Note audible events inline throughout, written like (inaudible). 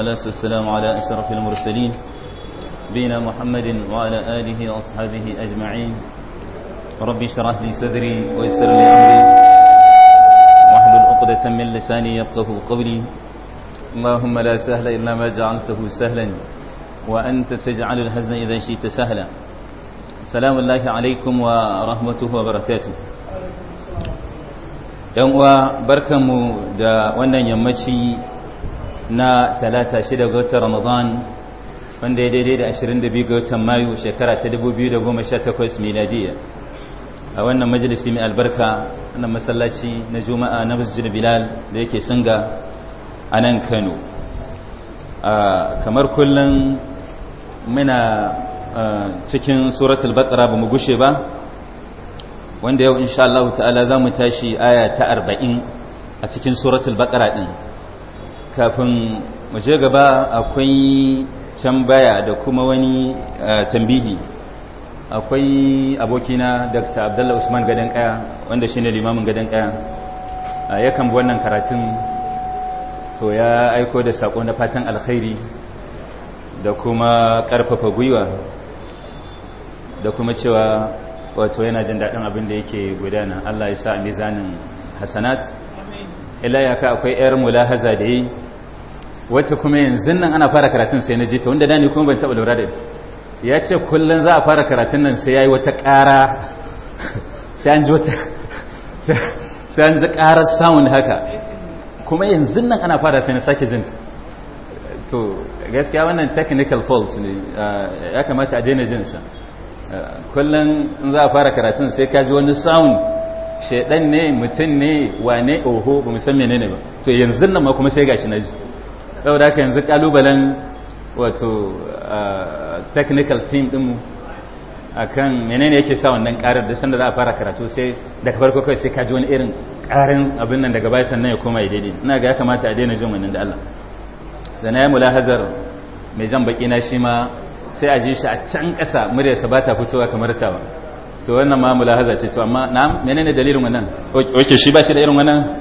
والصلاة والسلام على أشرف المرسلين بين محمد وعلى آله وأصحابه أجمعين ربي اشرح لي صدري ويسر لي أمري واحلل عقدة من لساني يبقه قولي اللهم لا سهل إلا ما جعلته سهلا وأنت تجعل الحزن إذا شئت سهلا سلام الله عليكم ورحمته وبركاته يوم uwa barkanmu da wannan yammaci na talata shida ga watan ramadan wanda ya daidai da 22 ga watan mayu shekara ta 2018 miladiya a wannan majalisi mai albarka wannan masallaci na juma'a na masjid bilal da yake singa a nan kano kamar kullum muna cikin suratul bakara ba mu gushe ba wanda yau insha Allah ta'ala za mu tashi aya ta 40 a cikin suratul bakara ɗin. kafin mu gaba akwai can baya da kuma wani eh, tambihi akwai abokina dr abdullahi usman gadon kaya wanda shi ne limamin gadon kaya ah, ya bi wannan karatun to ya aiko da sako na fatan alkhairi da kuma karfafa gwiwa da kuma cewa wato yana jin daɗin abin da yake gudana allah ya sa mizanin hasanat ila ya ka akwai 'yar mulahaza da yi wacce kuma yanzu nan ana fara karatun sai na je ta wanda da ni kuma ban taɓa lura da ita ya ce kullum za a fara karatun nan sai ya yi wata ƙara (laughs) sai an ji wata (laughs) sai an ji ƙarar sound haka kuma yanzu nan ana fara sai na sake jin ta to gaskiya wannan technical fault ne eh, ya kamata a daina jin sa eh, kullum in za a fara karatun sai ka ji wani sound shaidan ne mutum ne wane oho ba musamman ne ba to yanzu nan ma kuma sai gashi na ji saboda haka yanzu kalubalen wato uh, technical team dinmu kan menene yake sa wannan karar da sanda za a fara karatu sai daga farko kawai sai kaji wani irin karin abin nan daga baya sannan ya koma daidai ina ga ya kamata a daina jin wannan da Allah da na yi mulahazar mai zan baki na shi ma sai a ji shi a can ƙasa muryarsa ba ta fitowa kamar ta ba to wannan ma mulahaza ce to amma na menene dalilin wannan oke shi ba shi da irin wannan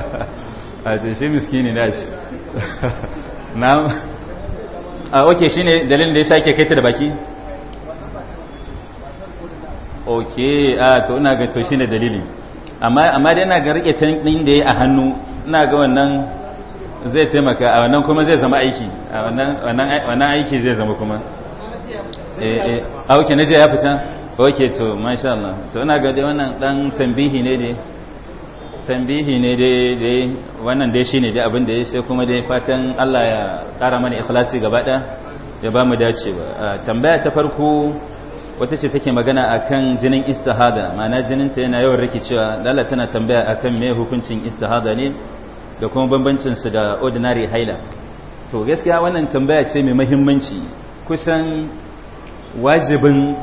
(laughs) a shi miskini na shi (laughs) na'am a ah, oke shine dalilin da ya sake kai ta da baki okay a ah, to ina ga to shine dalili amma amma dai ina ga rike tankin da yayi a hannu ina ga wannan zai taimaka a wannan kuma zai zama aiki a wannan wannan aiki zai zama kuma eh eh ah, na oke naje ya fita okay to masha Allah to ina ga dai wannan dan tambihi ne dai tambihi ne dai wannan dai shine dai abin da ya sai kuma dai fatan Allah ya ƙara mana ikhlasi gaba ɗaya ya ba mu dace ba tambaya ta farko wata ce take magana akan jinin istihada ma'ana jininta yana yawan rikicewa Allah tana tambaya akan me hukuncin istihada ne da kuma bambancin su da ordinary haila to gaskiya wannan tambaya ce mai muhimmanci kusan wajibin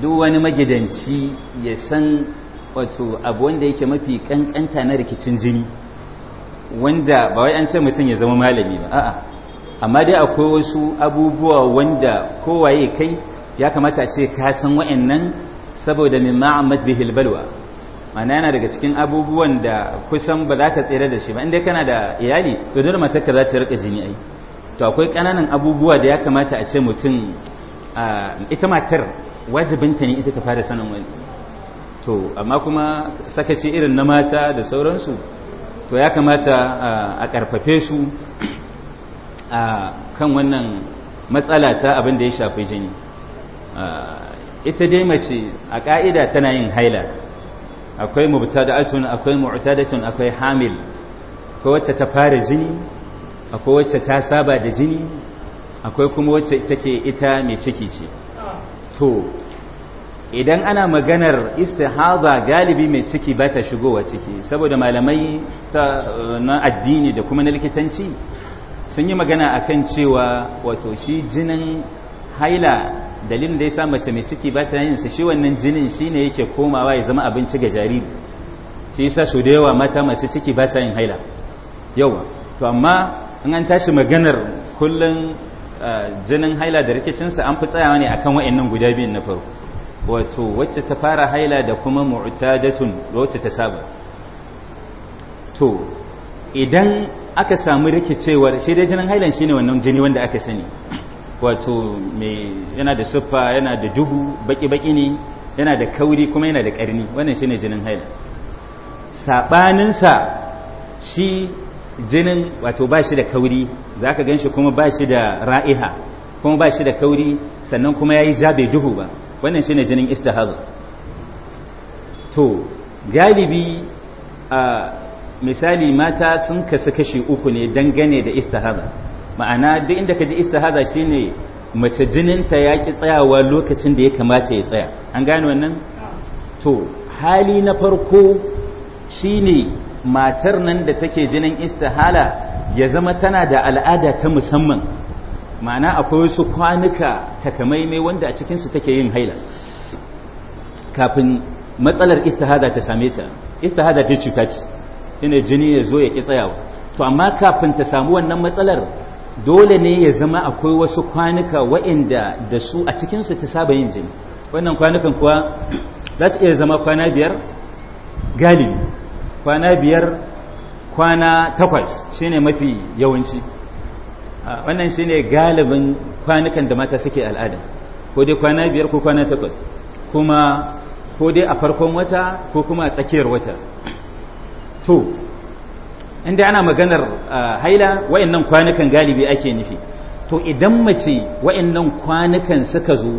duk wani magidanci ya san wato abu wanda yake mafi kankanta na rikicin jini wanda ba wai an ce mutum ya zama malami ba a'a amma dai akwai wasu abubuwa wanda kowaye kai ya kamata ce ka san wa'annan saboda min ma'amad bihil balwa mana yana daga cikin abubuwan da kusan ba za ka tsere da shi ba inda kana da iyali to dole ka za ta rika jini ai to akwai kananan abubuwa da ya kamata a ce mutum ita matar wajibinta ne ita ta fara sanin wani to amma kuma sakaci irin na mata da sauransu to ya kamata a karfafe su a kan wannan matsala ta abin da ya shafi jini ita dai mace a ka'ida tana yin haila akwai mubtada'atun akwai mu'tadatun akwai hamil akwai wacce ta fara jini akwai wacce ta saba da jini akwai kuma wacce take ita mai ciki ce to idan ana maganar istihaba galibi mai ciki ba ta shigowa ciki saboda malamai eh, na addini da kuma na likitanci sun yi magana a kan cewa wato shi jinin haila dalilin da ya sa mace mai ciki ba ta yin su shi wannan jinin shi shine yake komawa ya zama abinci ga jariri shi yasa su da yawa mata masu ciki ba sa yin haila yau to amma in an tashi maganar kullum eh, jinin haila da rikicinsa an fi tsayawa ne akan wa'annan guda biyun na farko wato wacce ta fara haila da kuma mu'tadatun wacce ta saba to idan aka samu rikicewar shi dai jinin hailan shine wannan jini wanda aka sani wato mai yana da siffa yana da duhu baki-baki ne yana da kauri kuma yana da karni wannan shine jinin haila sa shi jinin wato ba shi da kauri zaka ganshi kuma ba shi da ra'iha kuma ba shi da kauri sannan kuma ya yi ja duhu ba wannan shine jinin istihar to galibi a misali mata sun kasu kashi uku ne dangane da istihar ma'ana duk inda ka ji istihar shine mace jininta ya ki tsayawa lokacin da ya kamata ya tsaya an gane wannan to hali na farko shine matar nan da take jinin istihala ya zama tana da al'ada ta musamman ma'ana akwai wasu kwanuka takamaimai wanda a cikinsu take yin haila kafin matsalar istihada ta same ta istihada ce cuta ce ina jini ya zo ya ƙi tsayawa to amma kafin ta samu wannan matsalar dole ne ya zama akwai wasu kwanuka wa'inda da su a cikinsu ta saba yin jini wannan kwanukan kuwa za su iya zama kwana biyar galibi kwana biyar kwana takwas shine mafi yawanci wannan shine galibin kwanukan da mata suke al'ada ko dai kwana biyar ko kwana takwas kuma ko dai a farkon wata ko kuma a tsakiyar wata to inda ana maganar haila wayannan kwanukan galibi ake nufi to idan mace wayannan kwanukan suka zo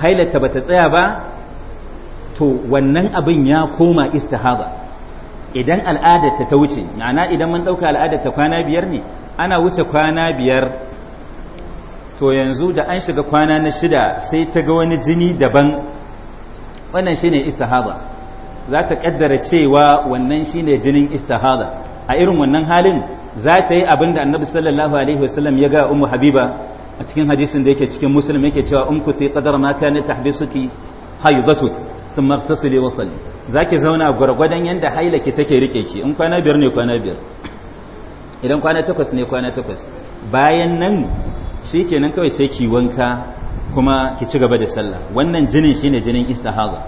hailata bata tsaya ba to wannan abin ya koma istihada idan al'adarta ta wuce ma'ana idan mun ɗauka al'adarta kwana biyar ne ana wuce kwana biyar to yanzu da an shiga kwana na shida sai ta ga wani jini daban wannan shine istihada za ta kaddara cewa wannan shine jinin istihada a irin wannan halin za ta yi abinda annabi sallallahu alaihi wasallam ya ga ummu habiba a cikin hadisin da yake cikin muslim yake cewa um kuthi qadar ma kana tahbisuki haydatuki thumma irtasili wa salli zaki zauna gurgurdan yanda hailaki take rike ki in kwana biyar ne kwana biyar idan kwana takwas ne kwana takwas bayan nan shi kenan kawai sai ki wanka kuma ki ci gaba da sallah wannan jinin shine jinin istihada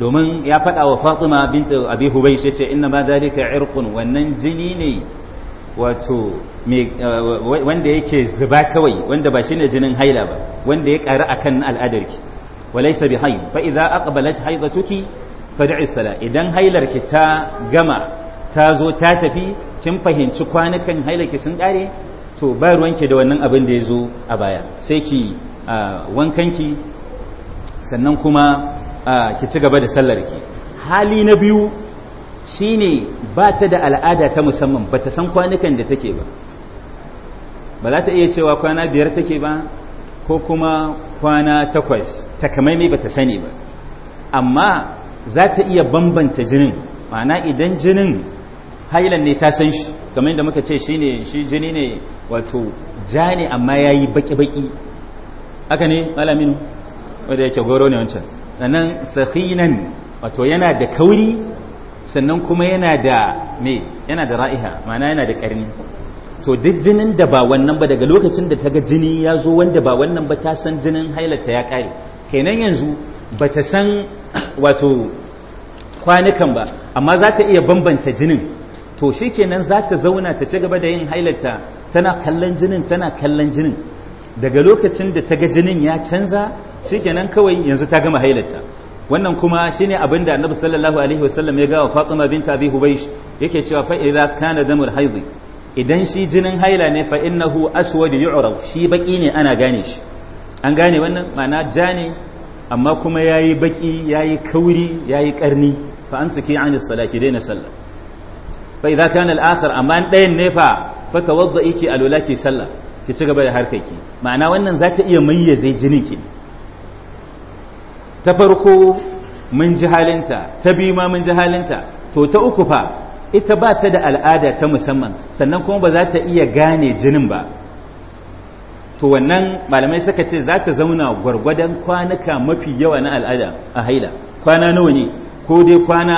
domin ya faɗa wa fatima binta abi hubai shi ce inna ma zalika irqun wannan jini ne wato eh, wanda yake zuba kawai wanda ba shine jinin haila ba wanda ya ƙara akan al'adarki walaysa bi hayd fa idza aqbalat haydatuki fad'i sala idan hailarki ta gama ta zo ta tafi kin fahimci kwanukan hailaki sun ƙare to ba ruwanki da wannan abin da ya zo a baya sai ki wankanki sannan kuma ki ci gaba da sallar ki hali na biyu shine ba ta da al'ada ta musamman ba ta san kwanukan da take ba ba za ta iya cewa kwana biyar take ba ko kuma kwana takwas takamaimai ba ta sani ba amma za ta iya bambanta jinin ma'ana idan jinin hailan ne ta san shi kamar yadda muka ce shine shi jini ne wato ja ne amma yayi baki baki haka ne malamin wanda yake goro ne wancan sannan sakhinan wato yana da kauri sannan kuma yana da me yana da ra'iha ma'ana yana da karni to duk jinin da ba wannan ba daga lokacin da ta ga jini ya zo wanda ba wannan ba ta san jinin hailata ya kare kenan yanzu ba ta san wato kwanukan ba amma za ta iya bambanta jinin to shikenan za ta zauna ta ci gaba da yin hailata tana kallon jinin tana kallon jinin daga lokacin da ta ga jinin ya canza shikenan kawai yanzu ta gama hailata wannan kuma shine abin da annabi sallallahu alaihi wasallam ya gawa fatima binta tabi hubaish yake cewa fa idza kana damul haidhi idan shi jinin haila ne fa innahu aswad yu'raf shi baki ne ana gane shi an gane wannan ma'ana ja ne amma kuma yayi baki yayi kauri yayi karni fa ansaki an salati daina sallah fa idza kana al-asr amma ɗayan ne fa fa tawadda'i ki alula ke sallah ki ci gaba da harkaki ma'ana wannan zata iya mayyaze jinin ki ta farko mun ji halinta ta biyu ma mun ji halinta to ta uku fa ita ba ta da al'ada ta musamman sannan kuma ba za ta iya gane jinin ba to wannan malamai suka ce za ta zauna gwargwadon kwanuka mafi yawa na al'ada a haila kwana nawa ne ko dai kwana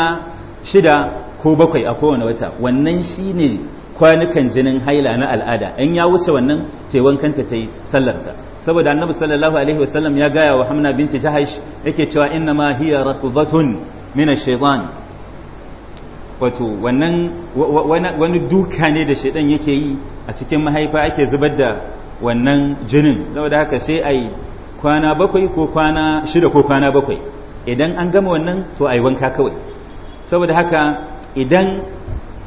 shida ko bakwai a kowane wata wannan shine kwanukan jinin haila na al'ada in ya wuce wannan ta wankanta ta yi sallarta saboda annabi sallallahu alaihi wasallam ya gaya wa hamna binti jahash yake cewa inna ma hiya raqdatun min ash-shaytan wato wannan wani duka ne da shaidan yake yi a cikin mahaifa ake zubar da wannan jinin saboda haka sai ai kwana bakwai ko kwana shida ko kwana bakwai idan an gama wannan to ai wanka kawai saboda haka idan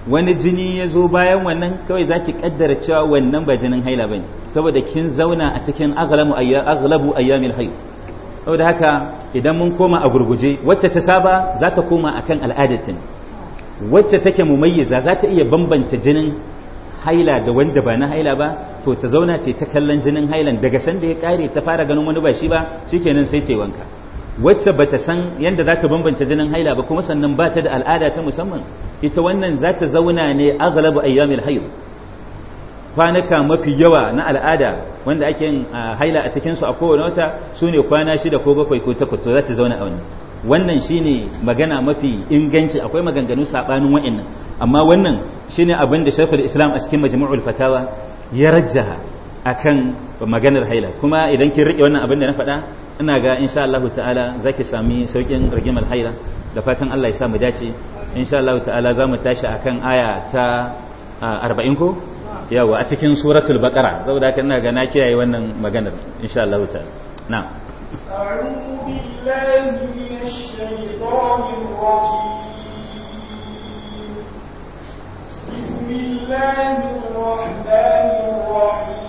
wani jini ya zo bayan wannan kawai za ki kaddara cewa wannan ba jinin haila ba ne saboda kin zauna a cikin aghlabu ayyamil hayu saboda haka idan mun koma a gurguje wacce ta saba za ta koma akan al'adatin wacce take mumayyiza za ta iya bambanta jinin haila da wanda ba na haila ba to ta zauna ce ta kallon jinin hailan daga sanda ya kare ta fara ganin wani ba shi ba shikenan sai ta wanka wacce bata san yadda za ta bambance jinin haila ba kuma sannan ba ta da al'ada ta musamman ita wannan za ta zauna ne aghlabu ayyamil hayu. kwanaka mafi yawa na al'ada wanda ake yin haila a cikinsu a kowane wata su ne kwana shida ko bakwai ko takwas to za ta zauna a wani wannan ne magana mafi inganci akwai maganganu saɓanin wa'in amma wannan shine abin da shafar islam a cikin majmu'ul fatawa ya rajjaha akan maganar haila kuma idan kin rike wannan abin da na faɗa ina ga insha Allah ta'ala zaki sami saukin rigimar haila da fatan Allah ya sa mu dace insha Allah ta'ala zamu tashi akan aya ta 40 ko yawa a cikin suratul baqara saboda haka ina ga na kiyaye wannan maganar insha Allah ta'ala na'am بسم الله الرحمن الرحيم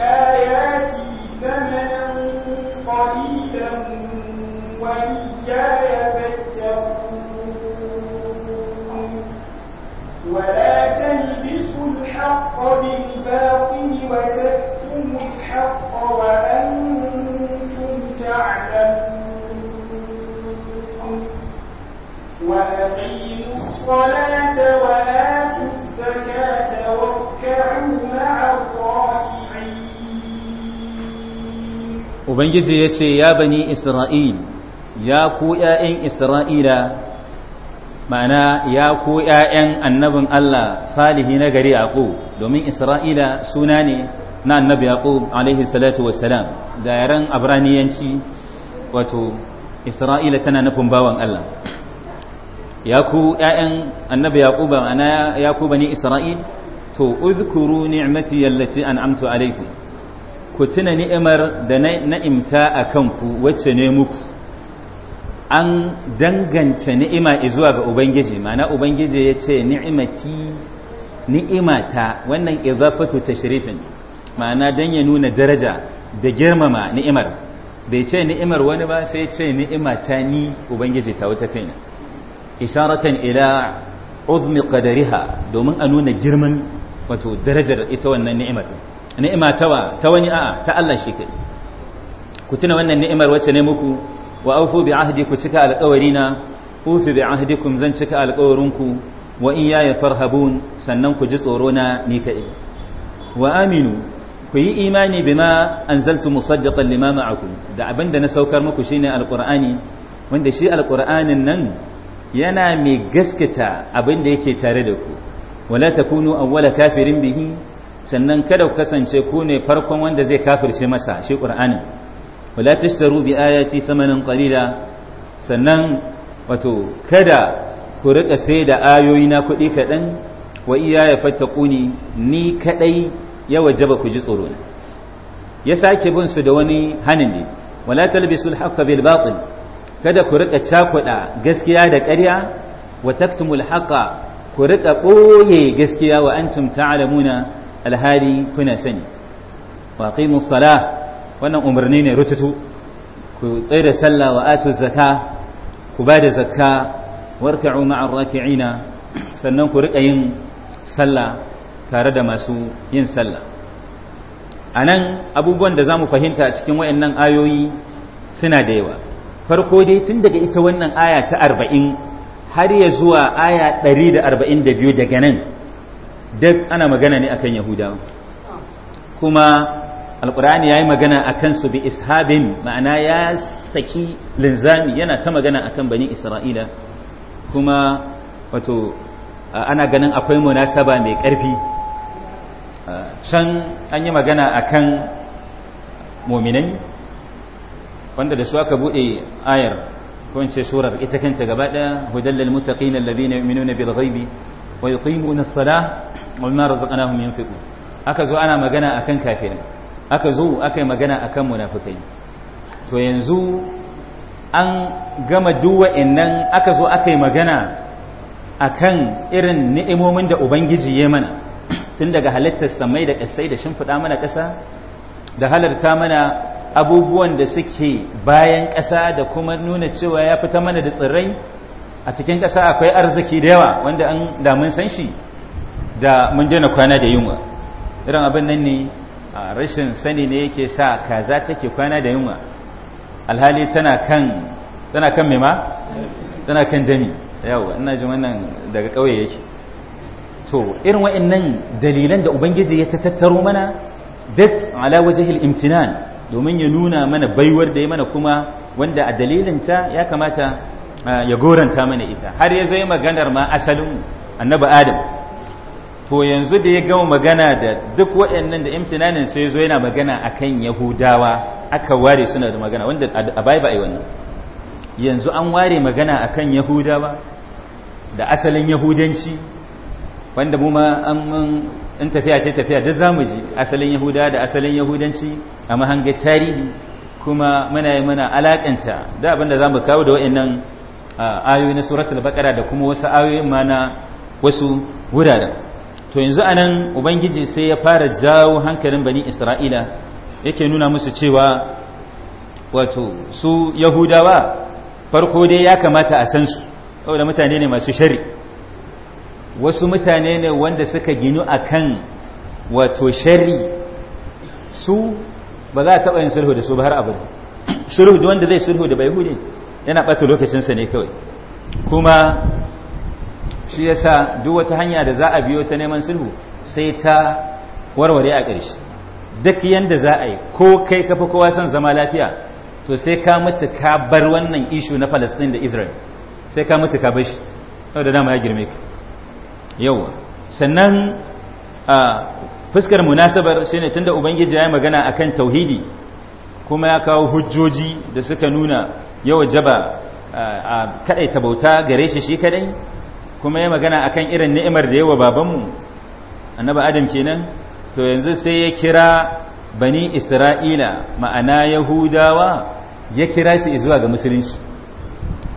آياتي ثمنا قليلا وإياي فاتقون ولا تلبسوا الحق بالباطل وتكتموا الحق وأنتم تعلمون وأقيموا الصلاة وآتوا الزكاة واركعوا مع الراكعين ubangiji ya ce ya bani isra'il ya ku ‘ya'yan isra'ila ma'ana ya ku ‘ya'yan annabin Allah salihi na gari yaqub domin isra'ila suna ne na annabi yaqub alaihi salatu wassalam da yaren abraniyanci wato isra'ila tana nufin bawan Allah ya ku ‘ya'yan annabi yaqub ba ma'ana ya ku bani isra'il to uzkuru ni'mati an an'amtu alaikum ku tuna ni'imar da na'imta a kanku wacce ne muku an danganta ni'ima zuwa ga ubangiji mana ubangiji ya ce ni'imaki ni'imata wannan izafatu tashrifin ma'ana dan ya nuna daraja da girmama ni'imar bai ce ni'imar wani ba sai ce ni'imata ni ubangiji ta wata kaina isharatan ila uzmi qadariha domin a nuna girman wato darajar ita wannan ni'imar ni'ima tawa ta wani a'a ta Allah shi kai ku tuna wannan ni'imar wacce ne muku wa aufu bi ahdi ku cika alƙawari na ufi bi ahdikum zan cika alƙawarinku wa in ya farhabun sannan ku ji tsoro na ni kai wa aminu ku yi imani bima anzaltu musaddiqan lima ma'akum da abinda na saukar muku shine alqur'ani wanda shi alqur'anin nan yana mai gaskata abinda yake tare da ku wala takunu awwala kafirin bihi sannan kada ku kasance ku ne farkon wanda zai kafirce masa shi ƙur'anin. wala tashtaru bi ayati thamanan qalila sannan wato kada ku rika sai da ayoyi na kuɗi kaɗan wa iya ya fattakuni ni kaɗai ya wajaba ku ji tsoro ya sake bin su da wani hanin ne wala talbisul haqqa bil batil kada ku rika cakuɗa gaskiya da ƙarya wa taktumul haqqa ku rika ɓoye gaskiya wa antum ta'lamuna alhali kuna sani wa qimu sala wannan umarni ne rututu ku tsaya da sallah wa atu zakka ku ba da zakka warka'u ma'a raki'ina sannan ku rika yin sallah tare da masu yin sallah anan abubuwan da zamu fahimta a cikin wayannan ayoyi suna da yawa farko dai tun daga ita wannan aya ta 40 har ya zuwa aya 142 daga nan duk ana magana ne akan yahudawa kuma alkur'ani ya yi magana a kansu bi ishabin ma'ana ya saki linzami yana ta magana akan bani isra'ila kuma wato ana ganin akwai munasaba mai ƙarfi can an yi magana akan muminai wanda da su aka buɗe ayar ko ce surar ita kanta gaba ɗaya hudallal mutaqina alladhina yu'minuna bil ghaibi wa yuqimuna as-salah wa mimma razaqnahum yunfiqun aka zo ana magana akan kafirin aka zo aka yi magana akan munafikai to yanzu an gama duwa innan aka zo aka yi magana akan irin ni'imomin da ubangiji ya mana tun daga halittar samai da ƙasai da shimfiɗa mana ƙasa da halarta mana abubuwan da suke bayan ƙasa da kuma nuna cewa ya fita mana da tsirrai a cikin ƙasa akwai arziki da yawa wanda an damun san shi da mun daina kwana da yunwa irin abin nan ne rashin sani ne yake sa kaza take kwana da yunwa alhali tana kan tana kan mema tana kan dami yawa ina jin wannan daga ƙauye yake to irin wa'annan dalilan da ubangiji ya tattaro mana duk ala wajahil imtinan domin ya nuna mana baiwar da ya mana kuma wanda a dalilinta ya kamata ya goranta mana ita har ya zai maganar ma asalin annabi adam to yanzu da ya gama magana da duk waɗannan da imtinanin sai zo yana magana akan yahudawa aka ware suna da magana wanda a bai ba wannan yanzu an ware magana akan yahudawa da asalin yahudanci wanda mu ma an in tafiya ce tafiya duk zamu ji asalin yahuda da asalin yahudanci a mahangar tarihi kuma muna yi mana alaƙanta da abinda mu kawo da waɗannan ayoyi na suratul baqara da kuma wasu ayoyin ma na wasu wuraren to yanzu anan ubangiji sai ya fara jawo hankalin bani isra'ila yake nuna musu cewa wato su yahudawa farko dai ya kamata a san su saboda mutane ne masu shari wasu mutane ne wanda suka ginu akan wato shari su ba za a taɓa yin sulhu da su ba har abada sulhu wanda zai sulhu da bai hudu yana ɓata lokacinsa ne kawai kuma shi ya sa duk wata hanya da za a biyo ta neman sulhu sai ta warware a ƙarshe duk yadda za a yi ko kai kafa kowa son zama lafiya to sai ka mutu ka bar wannan ishu na Palestine da Israel sai ka mutu ka bashi yau da dama ya girme ka Yau sannan a fuskar munasabar tun tunda ubangiji ya yi magana a kan tauhidi kuma ya kawo hujjoji da suka nuna yau jaba a kadaita bauta gare shi shi kadai kuma ya magana akan irin ni'imar da yawa babanmu annaba adam kenan to yanzu sai ya kira bani isra'ila ma'ana yahudawa ya kira su izuwa ga musulunci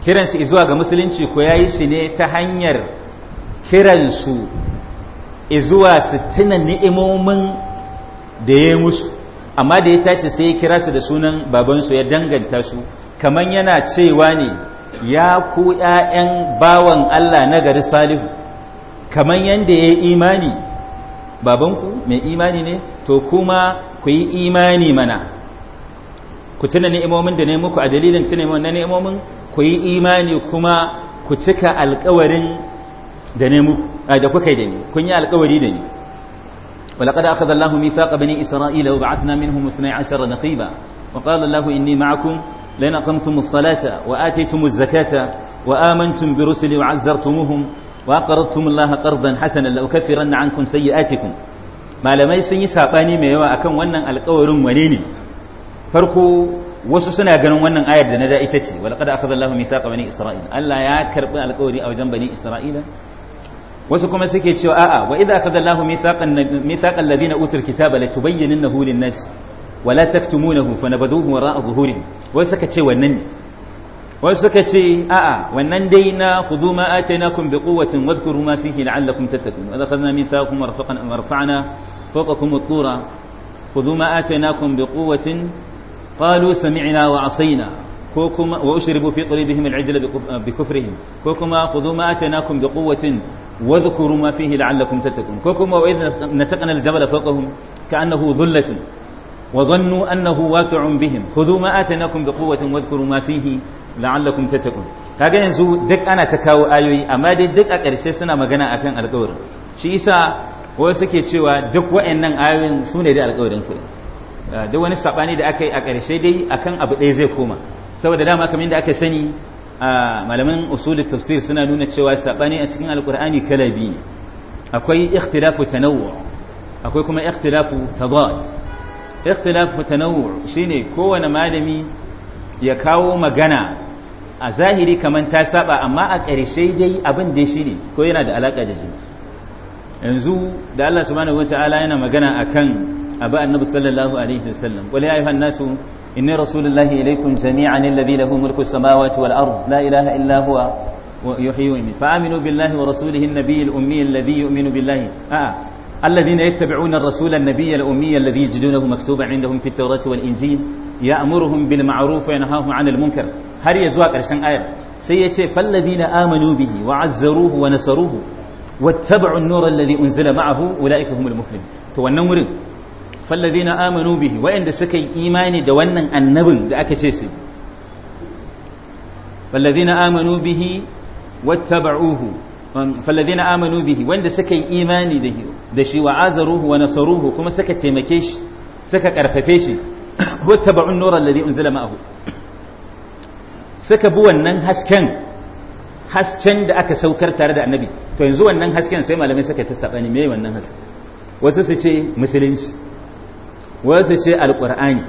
kiran su izuwa ga musulunci ko yayi shi ne ta hanyar kiran su izuwa su tuna ni'imomin da ya musu amma da ya tashi sai ya kira su da sunan babansu ya danganta su kaman yana cewa ne ya ku ‘ya'yan bawan Allah na gari salihu kamar yadda ya yi imani babanku mai imani ne to kuma ku yi imani mana ku tuna ni'imomin da ne muku a dalilin tuna na ni'imomin ku yi imani kuma ku cika alkawarin da ne muku da kuka yi da ni kun yi alkawari da ni ولقد أخذ الله ميثاق بني إسرائيل وبعثنا منهم اثني عشر نقيبا وقال الله إني معكم لئن أقمتم الصلاة وآتيتم الزكاة وآمنتم برسلي وعزرتموهم وأقرضتم الله قرضا حسنا لأكفرن عنكم سيئاتكم malamai sun yi mai yawa akan wannan alƙawarin wane ne farko wasu suna ganin wannan ayar da na da ita ce wal qad alƙawari a wajen wasu kuma suke cewa a'a wa idza akhadha Allahu mithaqan mithaqal ladina utul kitaba la lin-nas wala taktumunahu fa nabadhuhu wara'a zuhurin wai suka ce wannan ne wai suka ce a'a wannan dai na khudhu ma atainakum biquwwatin wadhkuru ma fihi la'allakum tattaqun wa akhadna mithaqakum wa rafaqna wa rafa'na fawqakum at-tura khudhu ma atainakum biquwwatin qalu sami'na wa 'asayna كوكما وأشربوا في قلوبهم العجل بكفرهم كوكما خذوا ما أتيناكم بقوة واذكروا ما فيه لعلكم تتقون كوكما وإذ نتقنا الجبل فوقهم كأنه ظلة وظنوا أنه واقع بهم خذوا ما آتناكم بقوة واذكروا ما فيه la'allakum tattaqun kaga yanzu duk ana ta kawo ayoyi amma dai duk a ƙarshe suna magana akan alƙawarin shi isa wasu suke cewa duk wa'annan ayoyin su ne da alƙawarin kuɗi. duk wani sabani da aka yi a ƙarshe dai akan abu ɗaya zai koma saboda dama kamar da aka sani malaman usulul tafsir suna nuna cewa sabani a cikin alƙur'ani kala biyu akwai ikhtilafu tanawwu akwai kuma ikhtilafu tadad ikhtilafu tanawwu shine kowane malami ya kawo magana a zahiri kaman ta saba amma a ƙarshe dai abin da shi ne ko yana da alaka da juna yanzu da Allah subhanahu wataala yana magana akan abu annabi sallallahu alaihi wasallam wala ya ayyuhan nasu inni rasulullahi ilaykum jami'an alladhi lahu mulku samawati wal ard la ilaha illa huwa yuhyi wa yumiitu fa aminu billahi wa الذين يتبعون الرسول النبي الأمي الذي يجدونه مكتوبا عندهم في التوراة والإنجيل يأمرهم بالمعروف وينهاهم عن المنكر هل يزوى قرشان آية سيأتي فالذين آمنوا به وعزروه ونصروه واتبعوا النور الذي أنزل معه أولئك هم المفلحون تو النور فالذين آمنوا به وإن سكي إيماني دوانا النبل دعك تيسي فالذين آمنوا به واتبعوه fallazina amanu bihi wanda suka yi imani da shi wa nasaruhu kuma suka taimake shi suka karfafe shi (coughs) wattaba'un nura alladhi unzila ma'ahu suka bi wannan hasken da aka saukar tare da annabi to yanzu wannan hasken sai malamai suka ta me wannan hasken wasu ce musulunci wasu ce alqur'ani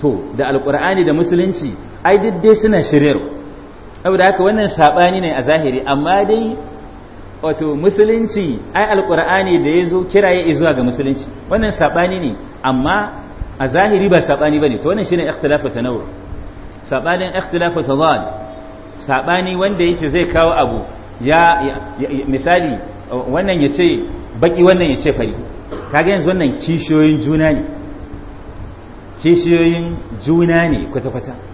to da alqur'ani da musulunci ai duk suna shiryarwa saboda haka wannan sabani ne a zahiri amma dai wato musulunci ai alqur'ani da yazo kiraye zuwa ga musulunci wannan sabani ne amma a zahiri ba sabani bane to wannan shine ikhtilafu tanawur sabanin ikhtilafu tadal sabani wanda yake zai kawo abu ya misali wannan yace baki wannan yace fari kaga yanzu wannan kishiyoyin juna ne kishiyoyin juna ne kwata-kwata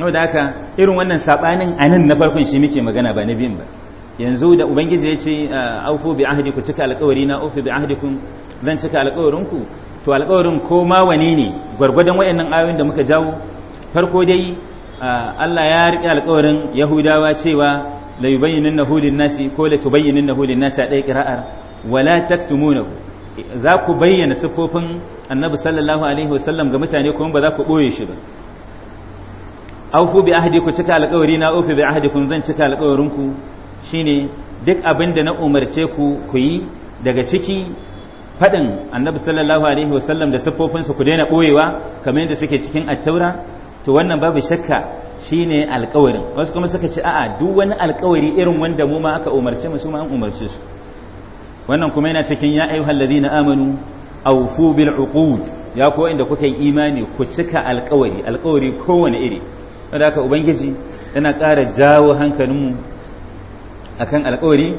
yau da haka irin wannan sabanin anan na farkon shi muke magana ba na biyun ba yanzu da ubangiji ya ce ah, aufu bi ahdi ku cika alƙawari na aufu bi kun zan cika alƙawarin ku to alkawarin ko ma wani ne gwargwadon wayannan ayoyin da muka jawo farko dai ah, Allah ya riƙe alkawarin Yahudawa cewa la yubayyinannahu lin-nasi ko la tubayyinannahu lin-nasi a ɗaya ƙira'ar wala taktumunahu za ku bayyana siffofin annabi sallallahu alaihi wasallam ga mutane kuma ba za ku boye shi ba aufu bi ahdi ku cika alƙawari na aufu bi ahdi kun zan cika alƙawarin ku shine duk abin da na umarce ku ku yi daga ciki faɗin annabi sallallahu alaihi wasallam da siffofinsa ku daina ɓoyewa kamar yadda suke cikin attaura to wannan babu shakka shine alƙawarin wasu kuma suka ce a'a duk wani alƙawari irin wanda mu ma aka umarce mu su ma an umarce su wannan kuma yana cikin ya ayyuhal ladina amanu awfu bil uqud ya ko inda kuka yi imani ku cika alƙawari alƙawari kowane iri wanda aka ubangiji yana ƙara jawo hankalinmu akan alƙawari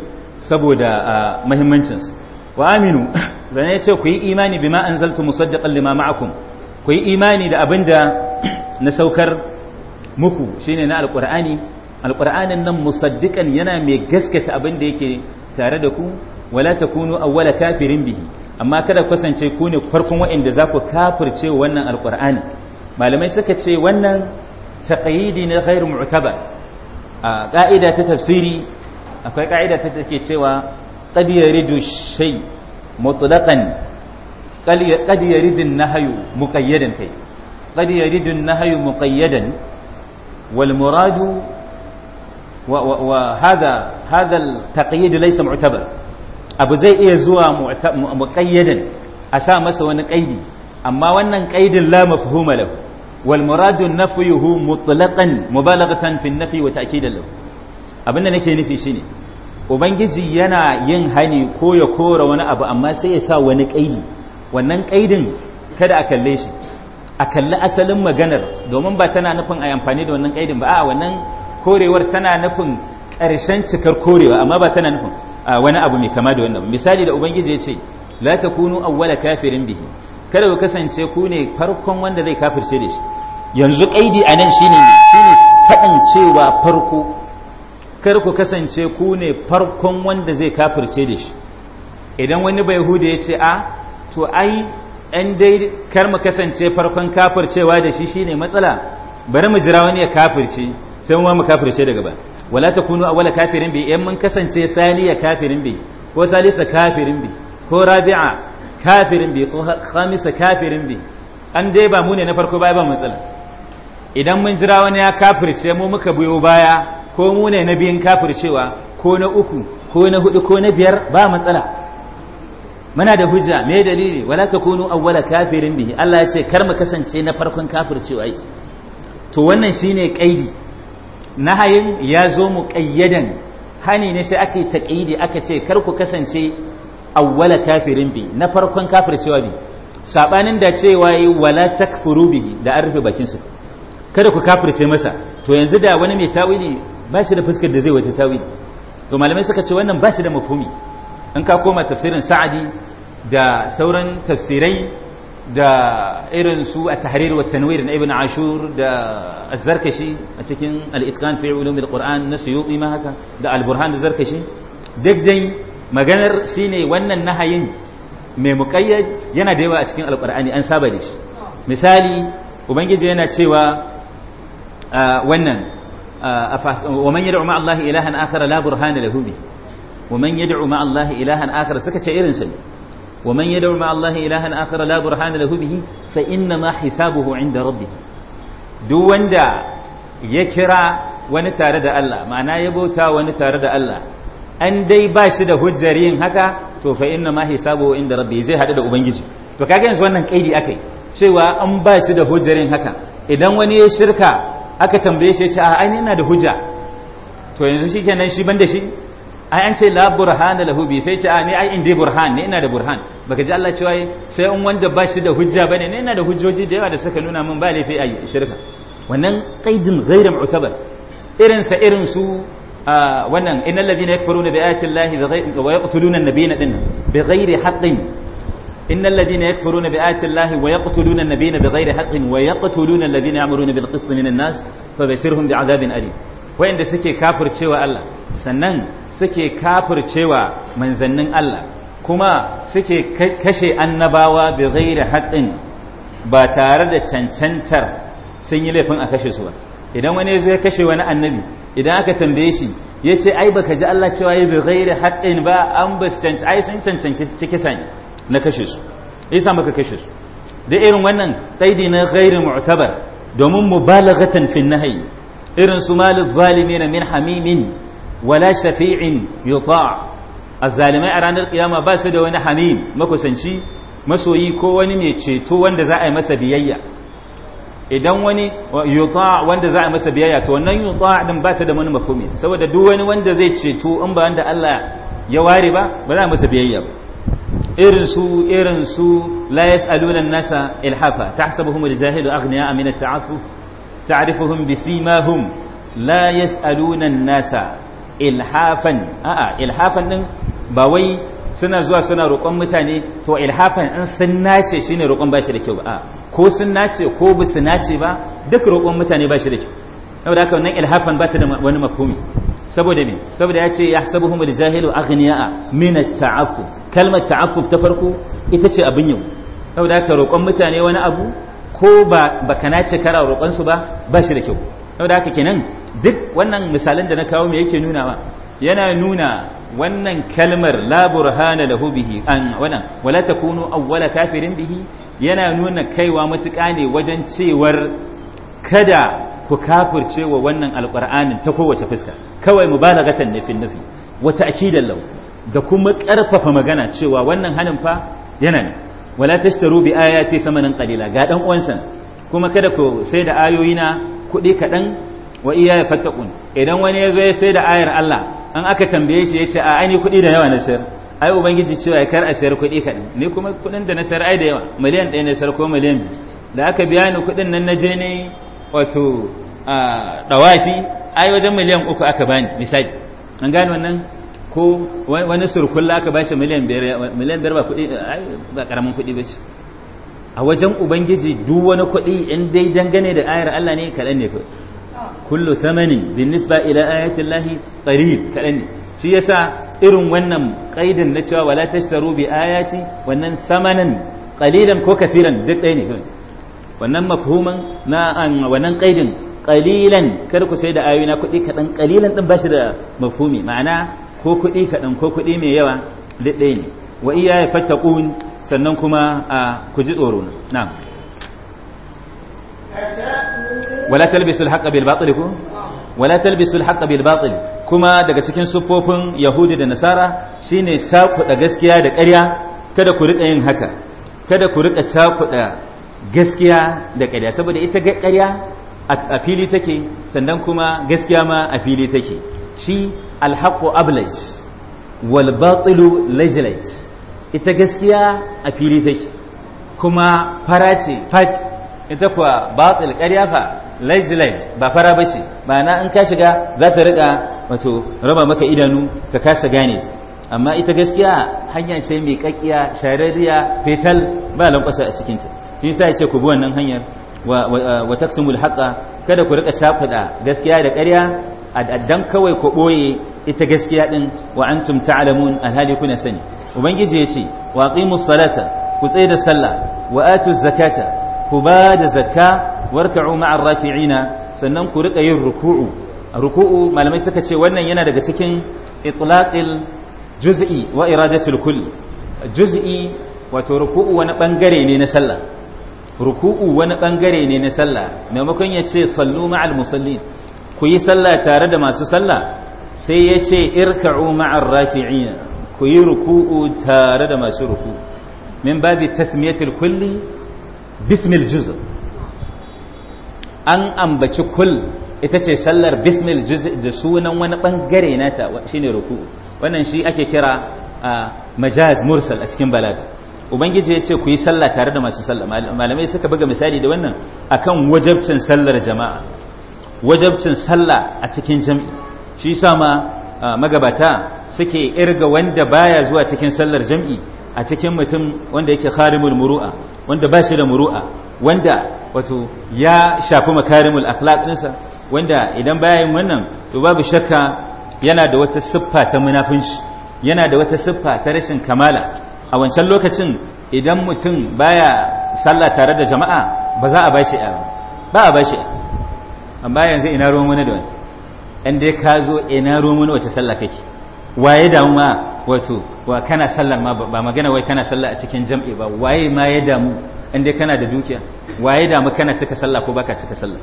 saboda mahimmancinsu wa aminu (laughs) zane ya ce ku yi imani bima an zaltu musaddiqan lima ma'akum ku yi imani da abin da (clears throat) na saukar muku shine na alqur'ani alqur'anin nan musaddiqan yana mai gaskata abin da yake tare da ku wala takunu awwala kafirin bihi amma kada ku kasance ku ne farkon waɗanda za ku kafirce wannan alqur'ani malamai suka ce wannan taqayidi ne ghairu mu'tabar a ka'ida ta tafsiri akwai ka'ida ta take cewa qad yaridu shay mutlaqan qad yaridu an-nahyu muqayyadan kai qad yaridu an-nahyu muqayyadan wal muradu وهذا هذا التقييد ليس معتبر abu zai iya zuwa muƙayyadan a sa masa wani ƙaidi amma wannan ƙaidin la mafhuma lahu wal muradu nafyuhu mutlaqan mubalaghatan fi nafi wa ta'kidan lahu abinda nake nufi shine ubangiji yana yin hani ko ya kora wani abu amma sai ya sa wani ƙa'idi wannan ƙa'idin kada a kalle shi a kalli asalin maganar domin ba tana nufin a amfani da wannan ƙa'idin ba a wannan korewar tana nufin ƙarshen cikar korewa amma ba tana nufin wani abu mai kama da wannan misali da ubangiji ya ce la kunu awwala kafirin bihi kada ku kasance ku ne farkon wanda zai kafirce da shi yanzu kaidi a nan shine shine faɗin cewa farko kada ku kasance ku ne farkon wanda zai kafirce da shi idan wani bai hude ya ce a ah, to ai ɗan dai kar mu kasance farkon kafircewa da shi shine matsala bari mu jira wani ya kafirce sai mu kafirce daga ba wala takunu awwala kafirin bi yan mun kasance saniya kafirin bi ko salisa kafirin bi ko rabi'a kafirin bi khamisa kafirin bi an dai ba mu ne na farko baya ba matsala idan mun jira wani ya kafirce mu muka biyo baya ko mu ne na biyan kafircewa ko na uku ko na hudu ko na biyar ba matsala muna da hujja me dalili wala takunu awwala kafirin bi Allah ya ce kar mu kasance na farkon kafircewa yi to wannan shine kaidi na hayin ya zo mu qayyadan hani ne sai aka taqidi aka ce kar ku kasance awwala kafirin bi na farkon kafircewa bi sabanin da cewa yi wala takfuru bi da an rufe bakin su kada ku kafirce masa to yanzu da wani mai tawili ba shi da fuskar da zai wata tawili to malamai suka ce wannan ba shi da mafhumi in ka koma tafsirin sa'adi da sauran tafsirai da irin su a tahrir wa tanwir na ibn ashur da az a cikin al-itqan fi ulum quran na suyuti ma haka da al-burhan da zarkashi duk dai maganar shine wannan nahayin mai muƙayyad yana da yawa a cikin alƙur'ani an saba da shi misali ubangiji yana cewa wannan wa man yad'u ma'a Allah ilahan akhar la burhana lahu bi wa man yad'u ma'a Allah ilahan akhar suka ce irin sai wa man yad'u ma'a Allah ilahan akhar la burhana lahu bihi fa inna ma hisabuhu 'inda rabbih duk wanda ya kira wani tare da Allah ma'ana ya bauta wani tare da Allah an dai ba shi da hujjar yin haka to fa inna ma hisabu inda rabbi zai hadu da ubangiji to kaga yanzu wannan kaidi akai cewa an ba shi da hujjar yin haka idan wani ya shirka aka tambaye shi ce a ai ina da hujja to yanzu shikenan shi banda shi ai an ce la burhana lahu bi sai ce a ni ai inda burhan ne ina da burhan baka ji Allah cewa sai an wanda ba shi da hujja bane ne ina da hujjoji da yawa da suka nuna min ba laifi ai shirka wannan qaidin ghairu mu'tabar irin sa irin su wannan yakfuruna bi ayati llahi wa yaqtuluna an-nabiyina din bi ghairi haqqin yakfuruna bi ayati llahi wa yaqtuluna an-nabiyina bi ghairi haqqin wa yaqtuluna ya'muruna bil qisti nas alim wayanda suke kafircewa Allah sannan suke kafircewa manzannin Allah kuma suke kashe annabawa bi ghairi haqqin ba tare da cancantar sun yi laifin a kashe su ba idan wani ya kashe wani annabi idan aka tambaye shi ya ce ai baka ji Allah cewa ya bi ghairi haƙƙin ba an ba su ai sun cancanci kisan na kashe su yasa maka kashe su da irin wannan tsaidi na ghairi mu'tabar domin mubalaghatan fi nahyi irin su malil zalimin min hamimin wala shafi'in yuta' azzalimai a ranar kiyama ba su da wani hamim makusanci masoyi ko wani mai ceto wanda za a yi masa biyayya idan wani yuta wanda za a masa biyayya to wannan yuta din ba ta da wani mafhumi saboda duk wani wanda zai ceto in ba wanda Allah ya ware ba ba za a masa biyayya ba irin su irin su la yasaluna nasa ilhafa tahsabuhum aljahilu aghniya min Amina taaffuf ta'rifuhum bisimahum la yasaluna nasa ilhafan a'a ilhafan din ba wai suna zuwa suna roƙon mutane to ilhafan in sun nace shine roƙon ba shi da kyau ba ko sun nace ko bu su nace ba duk roƙon mutane ba shi da kyau saboda haka wannan ilhafan ba ta da wani mafhumi saboda me saboda ya ce ya jahilu aljahilu aghniya min at-ta'affuf kalmar ta'affuf ta farko ita ce abin yau saboda haka roƙon mutane wani abu ko ba baka nace kara roƙon su ba ba shi da kyau saboda haka kenan duk wannan misalan da na kawo me yake nunawa yana nuna wannan kalmar la burhana lahu bihi an wannan wala takunu awwala kafirin bihi yana nuna kaiwa matuƙa ne wajen cewar kada ku kafirce wa wannan alƙur'anin ta kowace fuska kawai mubalagatan ne fin nufi wata akidan lau da kuma ƙarfafa magana cewa wannan hanin fa yana ne wala tashtaru bi ayati samanan qalila ga dan uwansa kuma kada ku sai da ayoyina kuɗi kaɗan wa iya fattaqun idan wani ya zo ya sai da ayar Allah an aka tambaye shi ya ce a aini kuɗi da yawa na sayar ai ubangiji cewa kar a sayar kuɗi kaɗan ni kuma kuɗin da na sayar ai da yawa miliyan ɗaya na sayar ko miliyan biyu da aka biya ni kuɗin nan na je ne wato ɗawafi ai wajen miliyan uku aka bani misali an gane wannan ko wani surkulla aka bashi miliyan biyar miliyan biyar ba kuɗi ba ƙaramin kuɗi ba shi a wajen ubangiji duk wani kuɗi in dai dangane da ayar Allah ne kaɗan ne kawai kullu thamanin bin ila ayatin lahi qarib kaɗan ne shi yasa irin wannan ƙaidin na cewa wala tashtaru bi ayati wannan thamanan qalilan ko kasiran duk ɗaya ne wannan mafhuman na wannan ƙaidin qalilan kar ku sai da ayoyi na kuɗi kaɗan qalilan din bashi da mafhumi ma'ana ko kuɗi kaɗan ko kuɗi mai yawa duk ɗaya ne wa iya fattaqun sannan kuma ku ji tsoro na na'am wala talbisul haqqa bil kuma daga cikin siffofin yahudi da nasara shine cakuɗa gaskiya da ƙarya kada ku riƙa yin haka kada ku riƙa cakuɗa gaskiya da ƙarya saboda ita ga ƙarya a fili take sannan kuma gaskiya ma a fili take shi alhaqqu ablaj wal batilu lajlaj ita gaskiya a fili take kuma farace fat ita kuwa batil ƙarya fa lazy light ba fara ba ce ma'ana in ka shiga za ta rika wato raba maka idanu ka kasa gane amma ita gaskiya hanya ce mai kakkiya shararriya fetal ba lankwasa a cikin ta shi yasa yace ku bi wannan hanyar wa taktumul haqa kada ku rika cakuda gaskiya da ƙarya addan kawai ku boye ita gaskiya din wa antum ta'lamun alhali kuna sani ubangiji yace wa aqimus salata ku tsaya da sallah wa atuz zakata ku ba da zakka warka'u ma'ar raki'ina sannan ku rika yin ruku'u ruku'u malamai suka ce wannan yana daga cikin itlaqil juz'i wa iradatul juz'i wato ruku'u wani bangare ne na sallah ruku'u wani bangare ne na sallah maimakon ya ce sallu ma'al musallin ku yi sallah tare da masu sallah sai ya ce irka'u ma'ar raki'ina ku yi ruku'u tare da masu ruku'u min babi tasmiyatul kulli bismil juz an ambaci kul ita ce sallar bismil juz da sunan wani bangare nata shine ruku wannan shi ake kira majaz mursal a cikin balaga ubangiji ya ce ku yi sallah tare da masu sallah malamai suka buga misali da wannan akan wajabcin sallar jama'a wajabcin sallah a cikin jam'i shi sama magabata suke irga wanda baya zuwa cikin sallar jam'i a cikin mutum wanda yake kharimul muru'a wanda ba shi da muru'a wanda wato ya shafi makarimul akhlaq dinsa wanda idan bayan wannan to babu shakka yana da wata siffa ta munafinci yana da wata siffa ta rashin kamala a wancan lokacin idan mutum baya sallah tare da jama'a ba za a bashi ba a bashi amma yanzu ina ruwan wani da wani inda ka zo ina ruwan wani wace sallah kake waye damu ma wato wa kana sallar ma ba magana wai kana sallah a cikin jam'i ba waye ma ya damu in kana da dukiya waye damu kana cika sallah ko baka cika sallah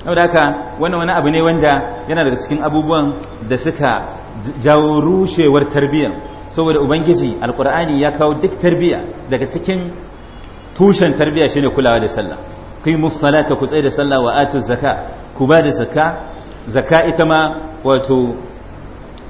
saboda haka wannan wani abu ne wanda yana daga cikin abubuwan da suka jawo rushewar tarbiyya saboda ubangiji alqur'ani ya kawo duk tarbiyya daga cikin tushen tarbiyya shine kulawa da sallah qimus salata ku tsaya da sallah wa atuz zakat ku ba da zakka zakka ita ma wato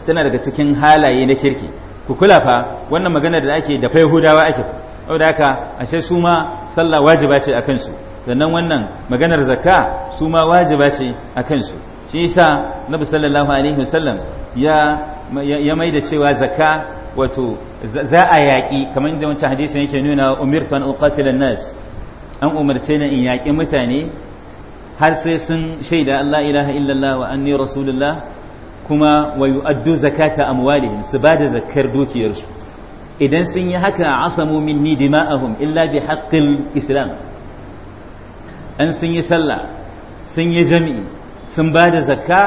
tana daga cikin halaye na kirki ku kula fa wannan maganar da ake da yahudawa ake saboda haka ashe su ma sallah wajiba ce a kansu sannan wannan maganar zakka su ma wajiba ce a kansu shi yasa nabi sallallahu alaihi wasallam ya ya mai da cewa zakka wato za a yaƙi kamar yadda wancan hadisin yake nuna umirtu an uqatila nas an umarce ni in yaƙi mutane har sai sun shaida Allah ilaha illallah wa anni rasulullah kuma wayu addu zakata amwalihim su bada zakkar dukiyarsu idan sun yi haka a asamu minni dima'ahum illa bi haqqil islam an sun yi sallah sun yi jami'i sun bada zakka